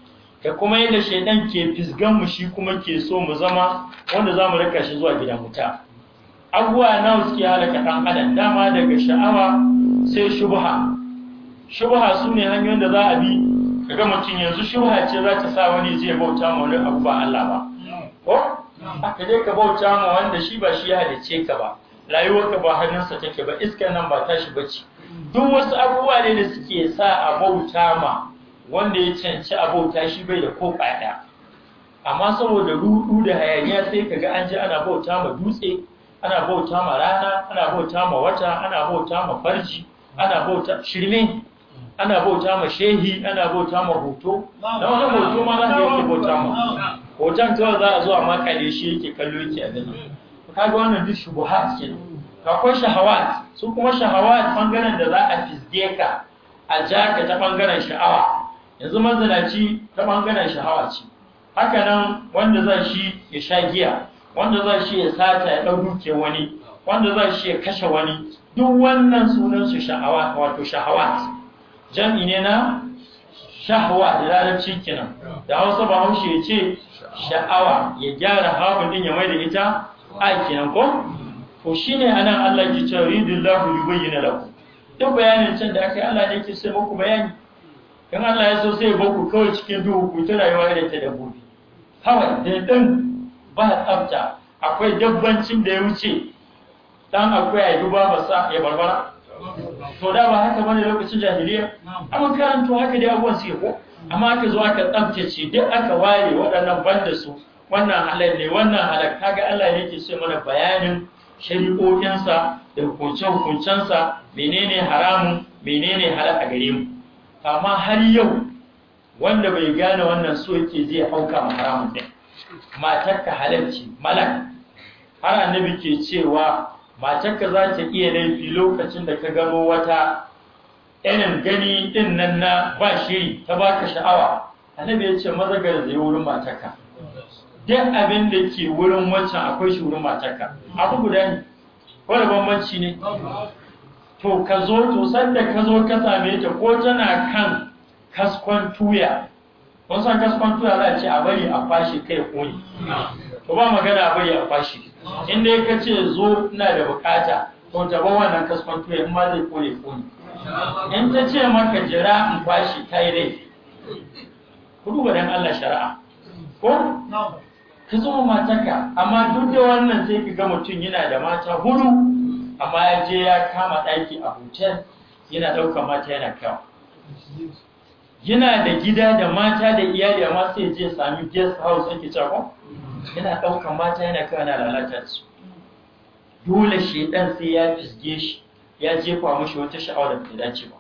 Speaker 2: da kuma yadda shaydan ke fisgan mu shi kuma ke so mu zama wanda zamu raka shi zuwa gidan muta abuwa na suke halaka dan adam dama daga sha'awa sai shubha shubha sune hanyoyin da za a bi kaga mutum yanzu shubha ce za ta sa wani zai bauta ma wani abu ba Allah ba ko aka je ka bauta ma wanda shi ba shi ya halice ka ba rayuwarka ba hannunsa take ba iskar nan ba tashi bace duk wasu abubuwa ne da suke sa a bauta ma wanda ya canci a bauta shi bai da ko kwaya amma saboda rudu da hayaniya sai kaga an ji ana bauta ma dutse ana bauta ma rana ana bauta ma wata ana bauta ma farji ana bauta shirme ana bauta ma shehi ana bauta ma hoto na wani hoto ma za ka yi bauta ma hoton kawai za a zuwa a makale shi yake kallo yake abin Ka ga wannan duk shubuhat Ka akwai shahawat su kuma shahawat bangaren da za a fisge ka a ja ka ta bangaren sha'awa yanzu manzanaci ta bangaren sha'awa ce haka nan wanda za shi ya sha giya wanda za shi ya sata ya ɗau duke wani wanda za shi ya kashe wani duk wannan sunan su sha'awa wato shahawat jam'i ne na shahwa da larabci kenan da hausa ba haushe ya ce sha'awa ya gyara hafin din ya mai da ita a kenan ko shine anan Allah ke ya bayyana yubayyana ku. duk bayanin can da aka yi Allah ne yake sai muku bayani in Allah ya so sai ya ku kawai cikin duhu ku ta rayuwa irin ta dabbobi kawai da dan ba tsafta akwai dabbancin da ya wuce dan akwai ya duba ba sa ya barbara to da ba haka bane lokacin jahiliya amma karanto haka dai abuwan su ko amma aka zo aka tsaftace duk aka ware waɗannan banda su wannan halal ne wannan halal kaga Allah yake so mana bayanin shari'o'insa da hukunce-hukuncensa menene haramun menene halal a gare mu amma har yau wanda bai gane wannan so yake zai hauka ma haramun din matar ka halalci malak har annabi ke cewa matarka za ta iya laifi lokacin da ka gano wata yanin gani din nan na ba shiri ta baka sha'awa annabi ya ce maza zai wurin matarka duk abin da ke wurin wancan akwai shi wurin matarka abu guda ne wani bambanci ne to ka zo to sanda ka zo ka same ta ko tana kan kaskon tuya kun san tasfantuwa za a ce a bari a kwashe kai koyi to ba magana a bari a kwashe in dai ka ce zo ina da bukata to taba wannan tasfantuwa in ma zai kore koyi in ta ce maka jira in fashi ta yi rai kudu dan Allah shari'a ko ka zama matarka amma duk da wannan sai ka ga mutum yana da mata hudu amma ya je ya kama ɗaki a hotel yana ɗaukar mata yana kawo yana da gida da mata da iyali amma sai je sami guest house yake cewa yana daukan mata yana kawai na lalata su dole shedan sai ya fisge shi ya jefa mashi wata sha'awa da bai dace ba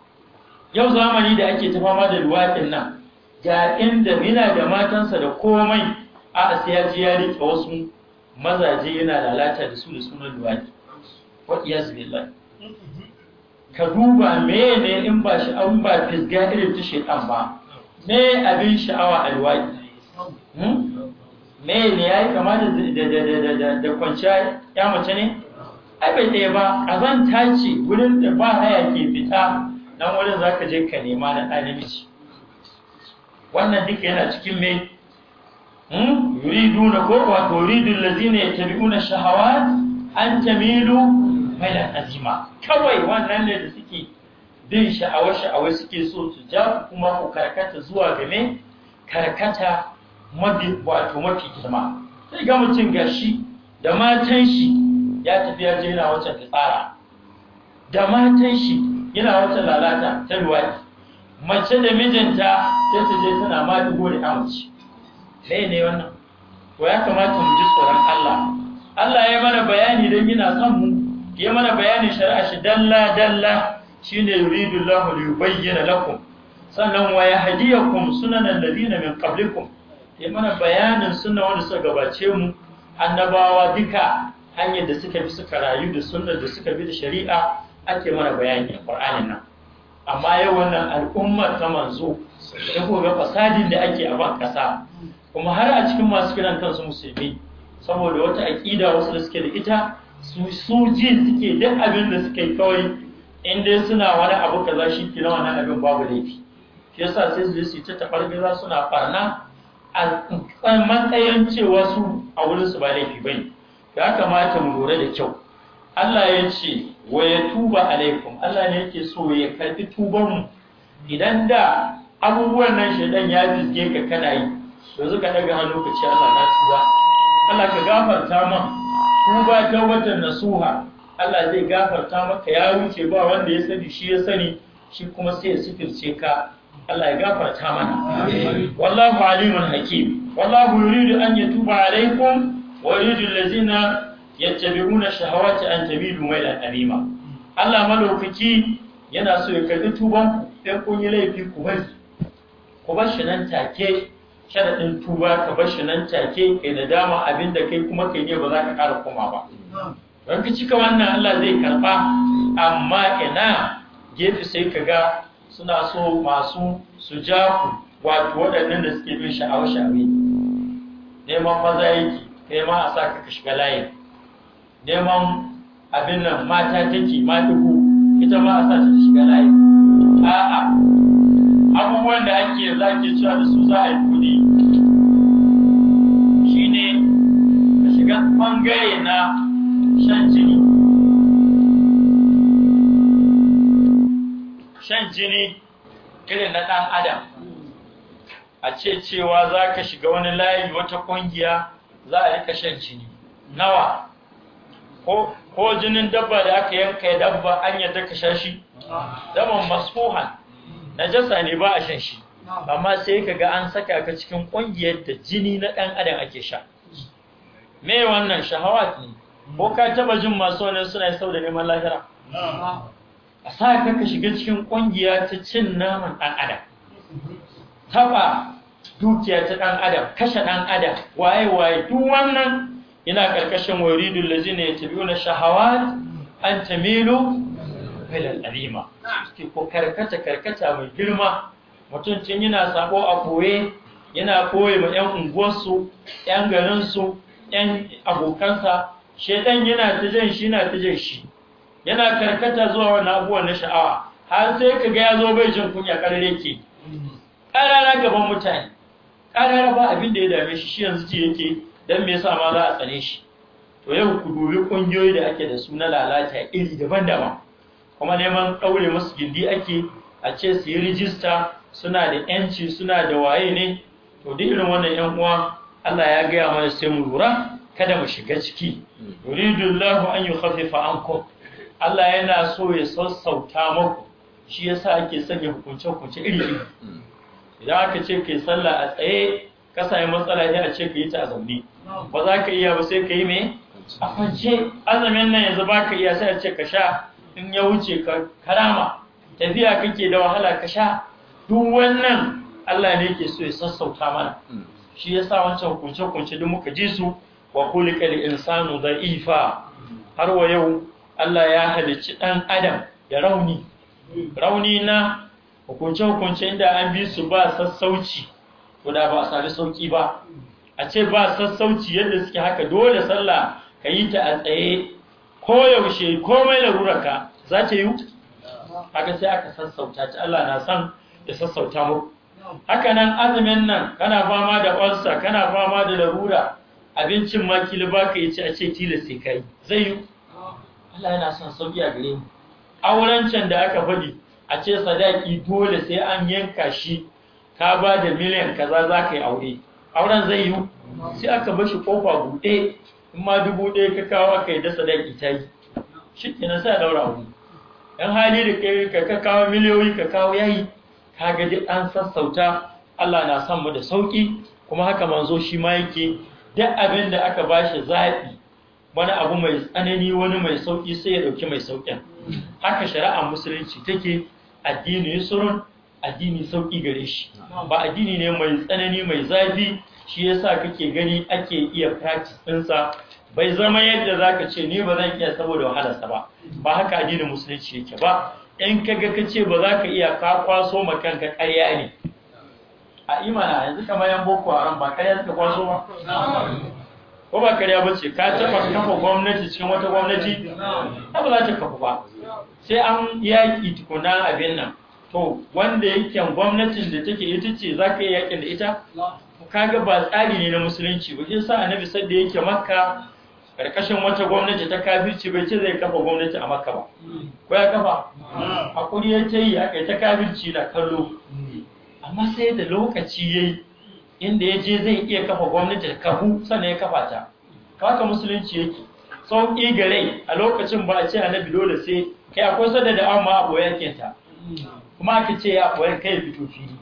Speaker 2: yau zamani da ake ta fama da luwaɗin nan ga inda yana da matansa da komai a sai ya je ya rike wasu mazaje yana lalata da su da sunan luwaɗi ka duba me ne, in ba shi an ba fisga irin ta shekan ba me abin sha'awa a luwaɗi hmm? me ne ya yi kama da kwanciya ya mace ne ai bai ɗaya ba zan taci wurin da ba haya ke fita nan wurin za ka je ka nema na ɗalibici wannan duka yana cikin hmm? yuri Ridu ko wato yuridun lazina ya tabi'una sha'awa an tamilu malan azima kawai wannan ne da suke bin sha'awar-sha'awar suke so su ja kuma ku karkata zuwa game karkata wato mafi girma sai ga mutum gashi da matan shi ya tafi ya yana wancan tsara da matan shi yana wancan lalata ta luwaki mace da mijinta sai ta je tana ma dugo da amince sai ne wannan ko ya kamata mu ji tsoron Allah Allah ya mana bayani don yana son mu ya mana bayanin shari'a shi dalla dalla shine yuridu Allah li bayyana lakum sannan wa hadiyakum sunan alladhina min qablikum ya mana bayanin sunna wanda suka gabace mu annabawa duka hanyar da suka fi suka rayu da sunnar da suka bi da shari'a ake mana bayani a Qur'anin nan amma yau wannan al'ummar ta manzo da kuma fasadin da ake a ban kasa kuma har a cikin masu kiran kansu musulmi saboda wata aƙida wasu da suke da ita su ji suke duk abin da suka yi kawai in dai suna wani abu kaza shi ke wani abin babu laifi shi yasa sai su su ta gaza suna farna a matsayin cewa su a wurin su ba laifi ne. ya kamata mu lura da kyau Allah ya ce wa ya tuba alaikum Allah ne yake so ya karfi tubar mu idan da abubuwan nan shaidan ya bizge ka kana yi yanzu ka daga hannu ka ce Allah na tuba Allah ka gafarta man tuba wata nasuha Allah zai gafarta maka ya wuce ba wanda ya sani shi ya sani shi kuma sai ya sifirce ka Allah ya gafarta mana wallahu alimun hakim wallahu yuridu an yatuba alaykum wa yuridu allazina yattabi'una shahawati an tabidu mailan amima Allah malaukaki yana so ya karbi tuban dan kun yi laifi ku bari ku bar shi nan take sharaɗin tuba ka bar shi nan take kai da dama abin da kai kuma kai ne ba za ka ƙara koma ba don ka cika wannan Allah zai karɓa amma ina gefe sai ka ga suna so masu su ja ku wato waɗannan da suke bin sha'awar sha'awi neman maza yake kai ma a sa ka shiga layin neman abin nan mata take ma dubu, ita ma a sa ta shiga layin a'a abubuwan da ake za ke cewa da su za a yi kuɗi ne ka shiga bangare na shan jini shan jini irin na ɗan adam a ce cewa za ka shiga wani layi wata ƙungiya za a rika shan jini nawa ko jinin dabba da aka yanka ya dabba an yadda ka sha shi daban masfuhan najasa ne ba a shan shi amma sai ka ga an saka ka cikin ƙungiyar da jini na ɗan adam ake sha me wannan shahawat ne ko ka taba jin masu wannan suna sau da neman lahira a sa ka ka shiga cikin ƙungiya ta cin naman ɗan adam taba dukiya ta ɗan adam kashe ɗan adam waye waye duk wannan yana ƙarƙashin waridul lazina yatabuna shahawat an tamilu gafilal alima ah. suke ko karkata karkata mai girma mutum tun yana sako a koye yana koye ma 'yan unguwarsu 'yan garinsu 'yan abokansa shaidan yana ta jan shi yana ta jan shi yana karkata zuwa wani abubuwan na sha'awa har sai ka ga ya zo bai jin kunya karare ke karara gaban mutane karara ba abin da ya dame shi shi yanzu ji yake dan me yasa ma za a tsane shi to yau ku dubi kungiyoyi da ake da su na lalata iri daban-daban kuma neman ɗaure masu gindi ake a ce su yi rijista suna da ‘yanci suna da waye ne to duk irin wannan ‘yan uwa Allah ya gaya mana sai mu lura kada mu shiga ciki yuridullahu an yi yukhaffifa ankum Allah yana so ya sassauta muku shi yasa ake sanya hukunce hukunce iri iri idan aka ce kai sallah a tsaye ka sami matsala ya a ce ka yi ta a zaune ba za ka iya ba sai ka yi mai a kwance azumin nan yanzu ba ka iya sai a ce ka sha in ya wuce ka karama tafiya kake da wahala ka sha duk wannan Allah ne yake so ya sassauta mana hmm. shi yasa wancan kunce kunce duk muka ji su wa kulika lil insanu dha'ifa har wa yau Allah ya halicci dan adam ya rauni rauni na hukunce hukunce inda an bi su ba sassauci to da ba a sami sauki ba a ce ba sassauci yadda suke haka dole sallah ka yi ta a tsaye ko yaushe komai ruraka za ta yi haka sai aka sassauta ta Allah na san ya sassauta mu haka nan azumin nan kana fama da ulcer kana fama da larura abincin ma kila baka yace a ce kila kai zai yi Allah yana son sauki a gare mu auren da aka faɗi a ce sadaki dole sai an yanka shi ka ba da miliyan kaza za ka yi aure auren zai yi sai aka bashi kofa buɗe in ma dubu ɗaya ka kawo aka yi da sadaki ta yi shi ke nan a ɗaura wuri ɗan hali da ka ka kawo miliyoyi ka kawo yayi ka ga duk an sassauta Allah na san mu da sauƙi kuma haka manzo shi ma yake duk abin da aka ba shi zaɓi wani abu mai tsanani wani mai sauƙi sai ya ɗauki mai sauƙin haka shari'ar musulunci take addini surun addini sauƙi gare shi ba addini ne mai tsanani mai zafi shi yasa kake gani ake iya practice ɗinsa bai zama yadda zaka ce ni ba zan iya saboda wahalarsa ba ba haka addinin musulunci yake ba in ka ga ka ce ba za ka iya ka kwaso ma kanka ƙarya ne a imana yanzu kamar yan boko haram ba ƙarya suka kwaso ba ko ba ƙarya ba ce ka taɓa kafa gwamnati cikin wata gwamnati ta ba za ta kafa ba sai an yaƙi tukuna abin nan to wanda yake gwamnatin da take ita ce za ka yi yaƙin da ita kaga ba tsari ne na musulunci ba kin san annabi sadda yake makka karkashin wata gwamnati ta kafirci bai ce zai kafa gwamnati a makka ba ko ya kafa hakuri ya ce ya kai ta kafirci na kallo amma sai da lokaci yayi inda ya je zai iya kafa gwamnati ta kahu sannan ya kafa ta kaka musulunci yake sauƙi rai, a lokacin ba a ce annabi dole sai kai akwai sadda da amma a boye kenta kuma aka ce ya boyen kai fito fili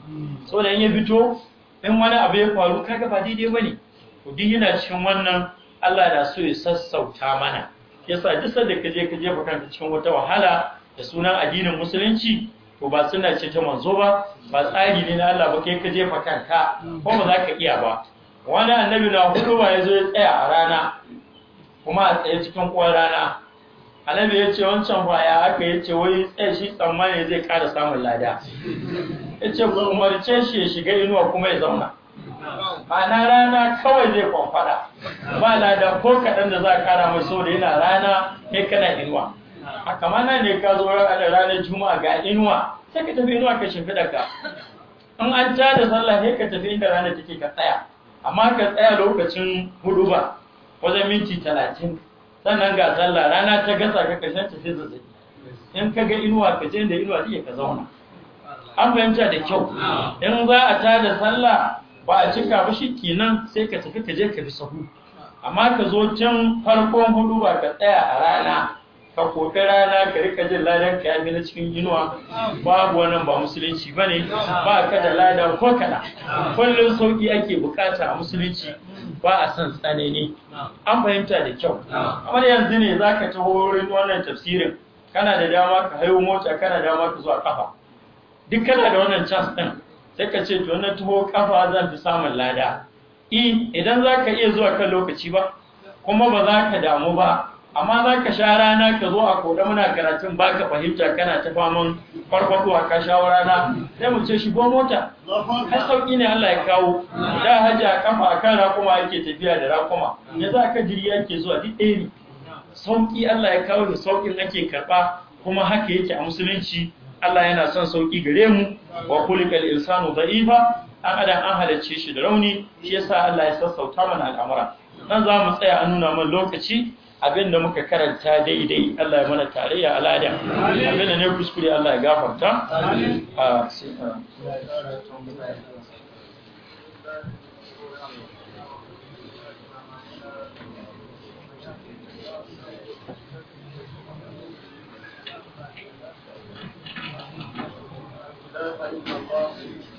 Speaker 2: so da in ya fito in wani abu ya faru kaga ba daidai bane to duk yana cikin wannan Allah na so ya sassauta mana yasa duk sanda ka je ka je kanka cikin wata wahala da sunan addinin musulunci Ko ba suna ce ta manzo ba ba tsari ne na Allah ba kai ka je kanka ko ba za ka iya ba wani annabi na hudu ba ya zo ya tsaya a rana kuma a tsaye cikin kwan rana annabi ya ce wancan baya haka ya ce wai tsaye eh, shi tsammani zai kara samun lada ya ce umarce shi ya shiga inuwa kuma ya zauna ma'ana rana kawai zai kwamfada ba lada ko kaɗan da za a ƙara mai saboda yana rana kai kana inuwa a kamana ne ka zo ranar juma'a ga inuwa sai ka tafi inuwa ka shimfiɗa ka in an ta da sallah sai ka tafi inda rana take ka tsaya amma ka tsaya lokacin hudu ba wajen minti talatin sannan ga sallah rana ta gasa ka kashen ta sai in ka ga inuwa ka je da inuwa iya ka zauna an fahimta da kyau in za a da sallah ba a cika ba shi kenan sai ka tafi ka je ka bi sahu amma ka zo can farkon hudu ba ka tsaya a rana ka kofi rana ka rika jin ladan ka yi na cikin inuwa babu wannan ba musulunci ba ne ba ka da lada ko kana kullum sauki ake bukata a musulunci ba a son tsanani an fahimta da kyau amma yanzu ne za ka taho wurin wannan tafsirin kana da dama ka haihu mota kana da dama ka zuwa kafa duk kana da wannan cas ɗin, sai ka ce to na taho kafa zan fi samun lada i e, idan za ka iya zuwa kan lokaci ba kuma ba za ka damu ba amma za ka sha rana ka zo a koda muna karatun ba ka fahimta kana ta faman a ka sha rana sai mu ce shigo mota har sauƙi ne Allah ya kawo da haji a kafa a kan rakuma ake tafiya da rakuma ya za ka jirgi ake zuwa duk ɗaya ne sauƙi Allah ya kawo da sauƙin ake karɓa kuma haka yake a musulunci Allah yana son sauƙi gare mu wa kulikal insanu da'ifa an adam an halarce shi da rauni shi yasa Allah ya sassauta mana al'amura nan za mu tsaya a nuna man lokaci abin da muka karanta daidai Allah ya mana tarayya alada abin da ne kuskure Allah ya gafarta ah, ah. Thank you.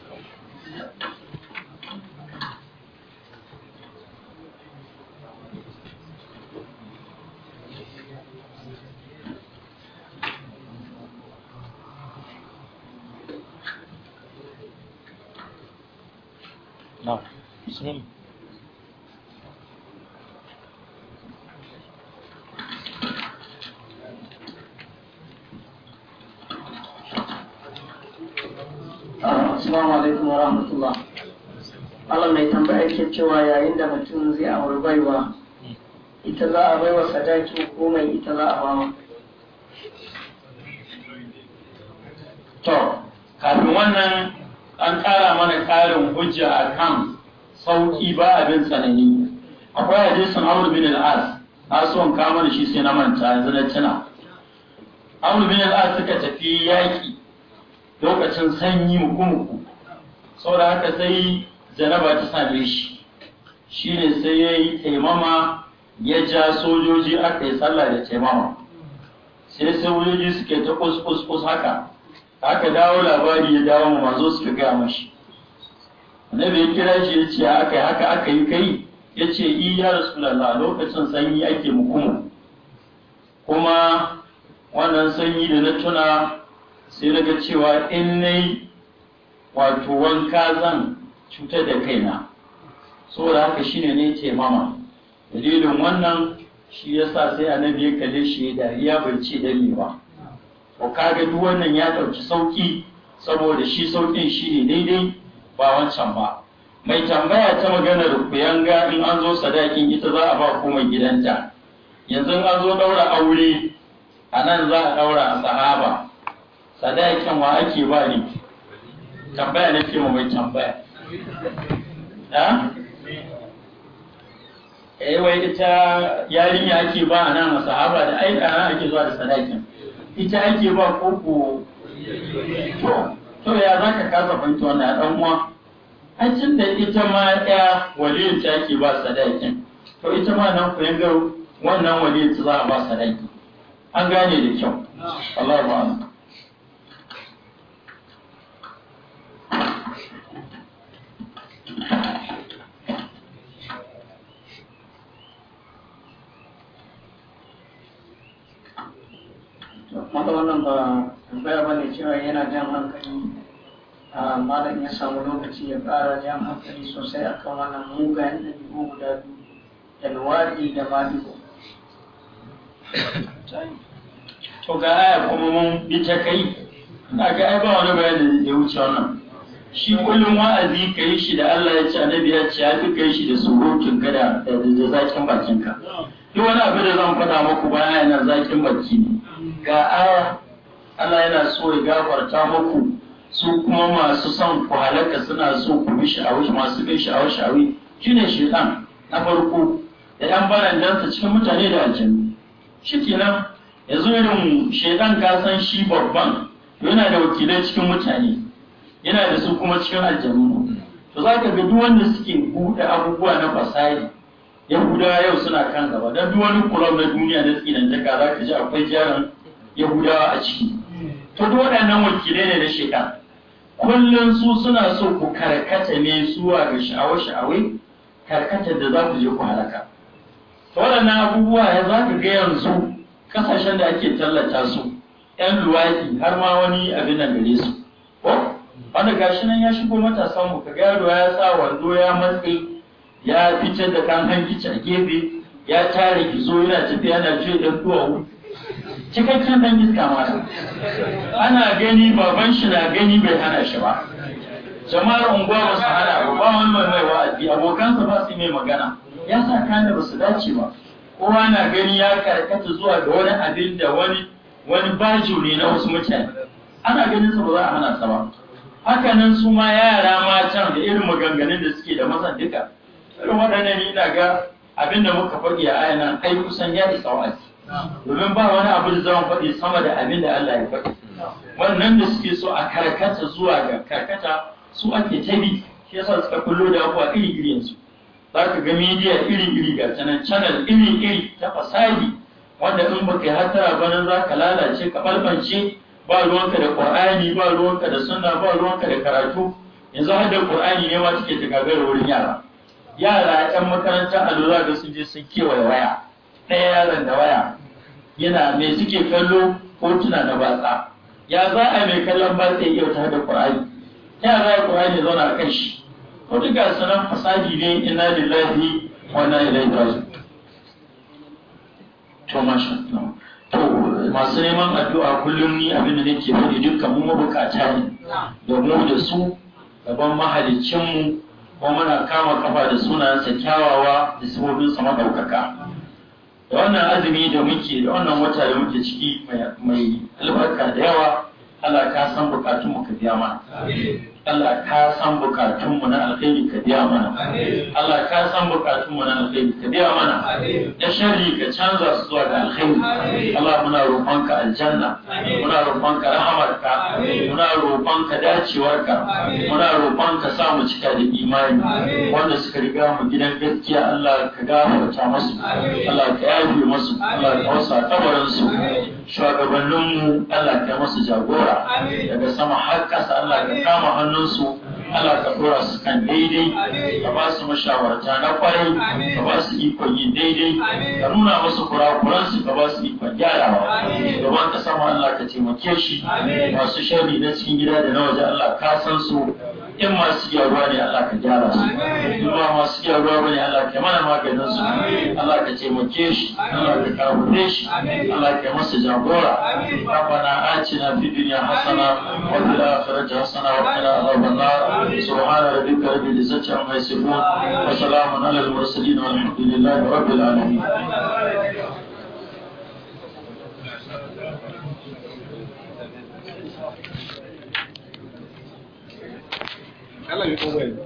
Speaker 2: نعم بسم الله Assalamu alaikum wa rahmatullah. Allah mai tambaya ke cewa yayin da mutum zai auri baiwa, ita za a baiwa sadaki ko mai ita za a To, wannan an ƙara mana ƙarin hujja a kan sauƙi ba abin tsanani akwai hadisin amur bin al'as na son kama shi sai na manta yanzu na tuna amur bin al'as suka tafi yaƙi lokacin sanyi muku-muku saboda haka sai janaba ta same shi Shi ne sai ya yi taimama ya ja sojoji aka yi sallah da taimama sai sojoji suke ta kus kus-kus haka aka dawo labari ya dawo mu mazo suka gaya mashi annabi ya kira shi ya ce aka haka aka yi kai ya ce i ya rasulallah lokacin sanyi ake mukuma kuma wannan sanyi da na tuna sai na ga cewa in nai wato wanka zan cuta da kaina saboda haka shine ne ce mama dalilin wannan shi yasa sai annabi ya kalle shi ya dariya bai ce dani ba ko kaga duk wannan ya ɗauki sauƙi saboda shi sauƙin shi ne daidai ba wancan ba mai tambaya ta maganar kuyanga in an zo sadakin ita za a ba mai gidanta yanzu an zo ɗaura aure a nan za a ɗaura a sahaba sadakin wa ake ba ne tambaya na ke mai tambaya da? eh wai ita yarinya ake ba a nan a sahaba da ai a nan ake zuwa da sadakin ita ake ba koko to to ya za ka kasa fahimta wannan ya dan uwa hajjin da ita ma ya waliyin ta ake ba sadaki to ita ma nan ku yanga wannan waliyin ta za a ba sadaki an gane da kyau Allah
Speaker 1: haka wannan ba tambaya ba ne cewa yana jan hankali malam ya samu lokaci ya ƙara jan hankali sosai a kan wannan mugayen ɗabi'u guda
Speaker 2: biyu da luwaɗi da maɗigo to ga aya kuma mun bi ta kai na ga ai ba wani bayani da ya wuce wannan shi kullum wa'azi ka yi shi da Allah ya ce annabi ya ce ya fi kai shi da surutun ka da zakin bakinka. ka duk wani abu da zan faɗa muku bayan yana zakin baki ne ga aya Allah yana so ya gafarta muku su kuma masu son ku halaka suna so ku bi sha'awi masu bin sha'awi ne shine shaitan na farko da yan barandansa cikin mutane da aljanna shikenan yanzu irin shaitan ka san shi babban yana da wakilai cikin mutane yana da su kuma cikin aljanna to za ka ga duk wanda suke buɗe abubuwa na fasari yahudawa yau suna kan gaba don duk wani kulob na duniya na tsinantaka za ka ji akwai jaran yahudawa a ciki to duk waɗannan wakilai ne na shaitan kullum su suna so ku karkata ne zuwa ga sha'awa sha'awai karkatar da za ku je ku halaka to waɗannan abubuwa ya za ka ga yanzu ƙasashen da ake tallata su 'yan luwaki har ma wani abin nan gare su wanda gashi nan ya shigo matasan mu ya sa wando ya matsi ya fitar da kan hankici a gefe ya tare gizo yana tafiya yana juya ɗan duwawu cikakken dan iska mata ana gani baban shi na gani bai hana shi ba jama'ar unguwa ba su hana ba ba wani mai mai wa'azi abokansa ba su mai magana ya sa kana ba su dace ba kowa na gani ya karkata zuwa ga wani abin da wani wani bajo ne na wasu mutane ana ganin su ba za a hana sa ba haka nan su ma yara matan da irin maganganun da suke da mazan duka irin waɗannan ni na ga abin da muka faɗi a ayanan ai kusan ya isa wa'azi domin ba wani abu da zan faɗi sama da abin da Allah ya faɗi wannan da suke so a karkata zuwa ga karkata su ake bi, shi yasa suka kullo da abuwa iri iri yanzu za ka ga media iri iri ga canan channel iri iri ta fasadi wanda in baka yi hatara ba nan za ka lalace ka balbance ba ruwanka da qur'ani ba ruwanka da suna ba ruwanka da karatu yanzu har da ƙur'ani ne ma suke ta gagara wurin yara yara 'yan makaranta a lura da sun je sun kewaye waya ɗaya yaron da waya yana mai suke kallo tuna da batsa ya za a mai kallon batsa ya kyauta da ƙur'ani ta za ƙur'ani ya zauna kan shi ko duka sanan fasaji ne ina lillahi ina ilaihi raji'un to masha to masu neman addu'a kullum ni abin da nake faɗi dukkan mu mabukata ne domin da su gaban mahaliccinmu ko muna kama kafa da sunayensa kyawawa da sabobinsa maɗaukaka da wannan azumi da muke da wannan wata da muke ciki mai albarka da yawa Allah ka san bukatun mu ka biya mana Allah ka san bukatunmu na alkhairi ka biya mana Allah ka san bukatunmu na alkhairi ka biya mana ya sharri ka canza su zuwa da alkhairi Allah muna ka aljanna muna rahmar rahamarka muna dacewar dacewarka muna ka sa mu cika da imani wanda suka riga mu gidan gaskiya Allah ka gafarta musu Allah ka yafe musu Allah ka wasa kabarin su shugabanninmu Allah ka musu jagora daga sama har ƙasa Allah ka kama hannu hannunsu Allah ka dora su kan daidai ka ba su mashawarta na kwarai ka ba su ikon yin daidai ka nuna masu kurakuran su ka ba su ikon gyarawa domin ka sama Allah ka taimake shi masu sharri na cikin gida da na waje Allah ka san su in masu gyaruwa ne Allah ka gyara su in ba masu gyaruwa bane Allah ka mana maganin su Allah ka taimake shi Allah ka kawune shi Allah ka masa jagora rabbana atina fid dunya hasana wa fil akhirati hasana wa qina adhaban nar subhana rabbika rabbil izzati amma yasifun wa salamun alal mursalin walhamdulillahi rabbil alamin I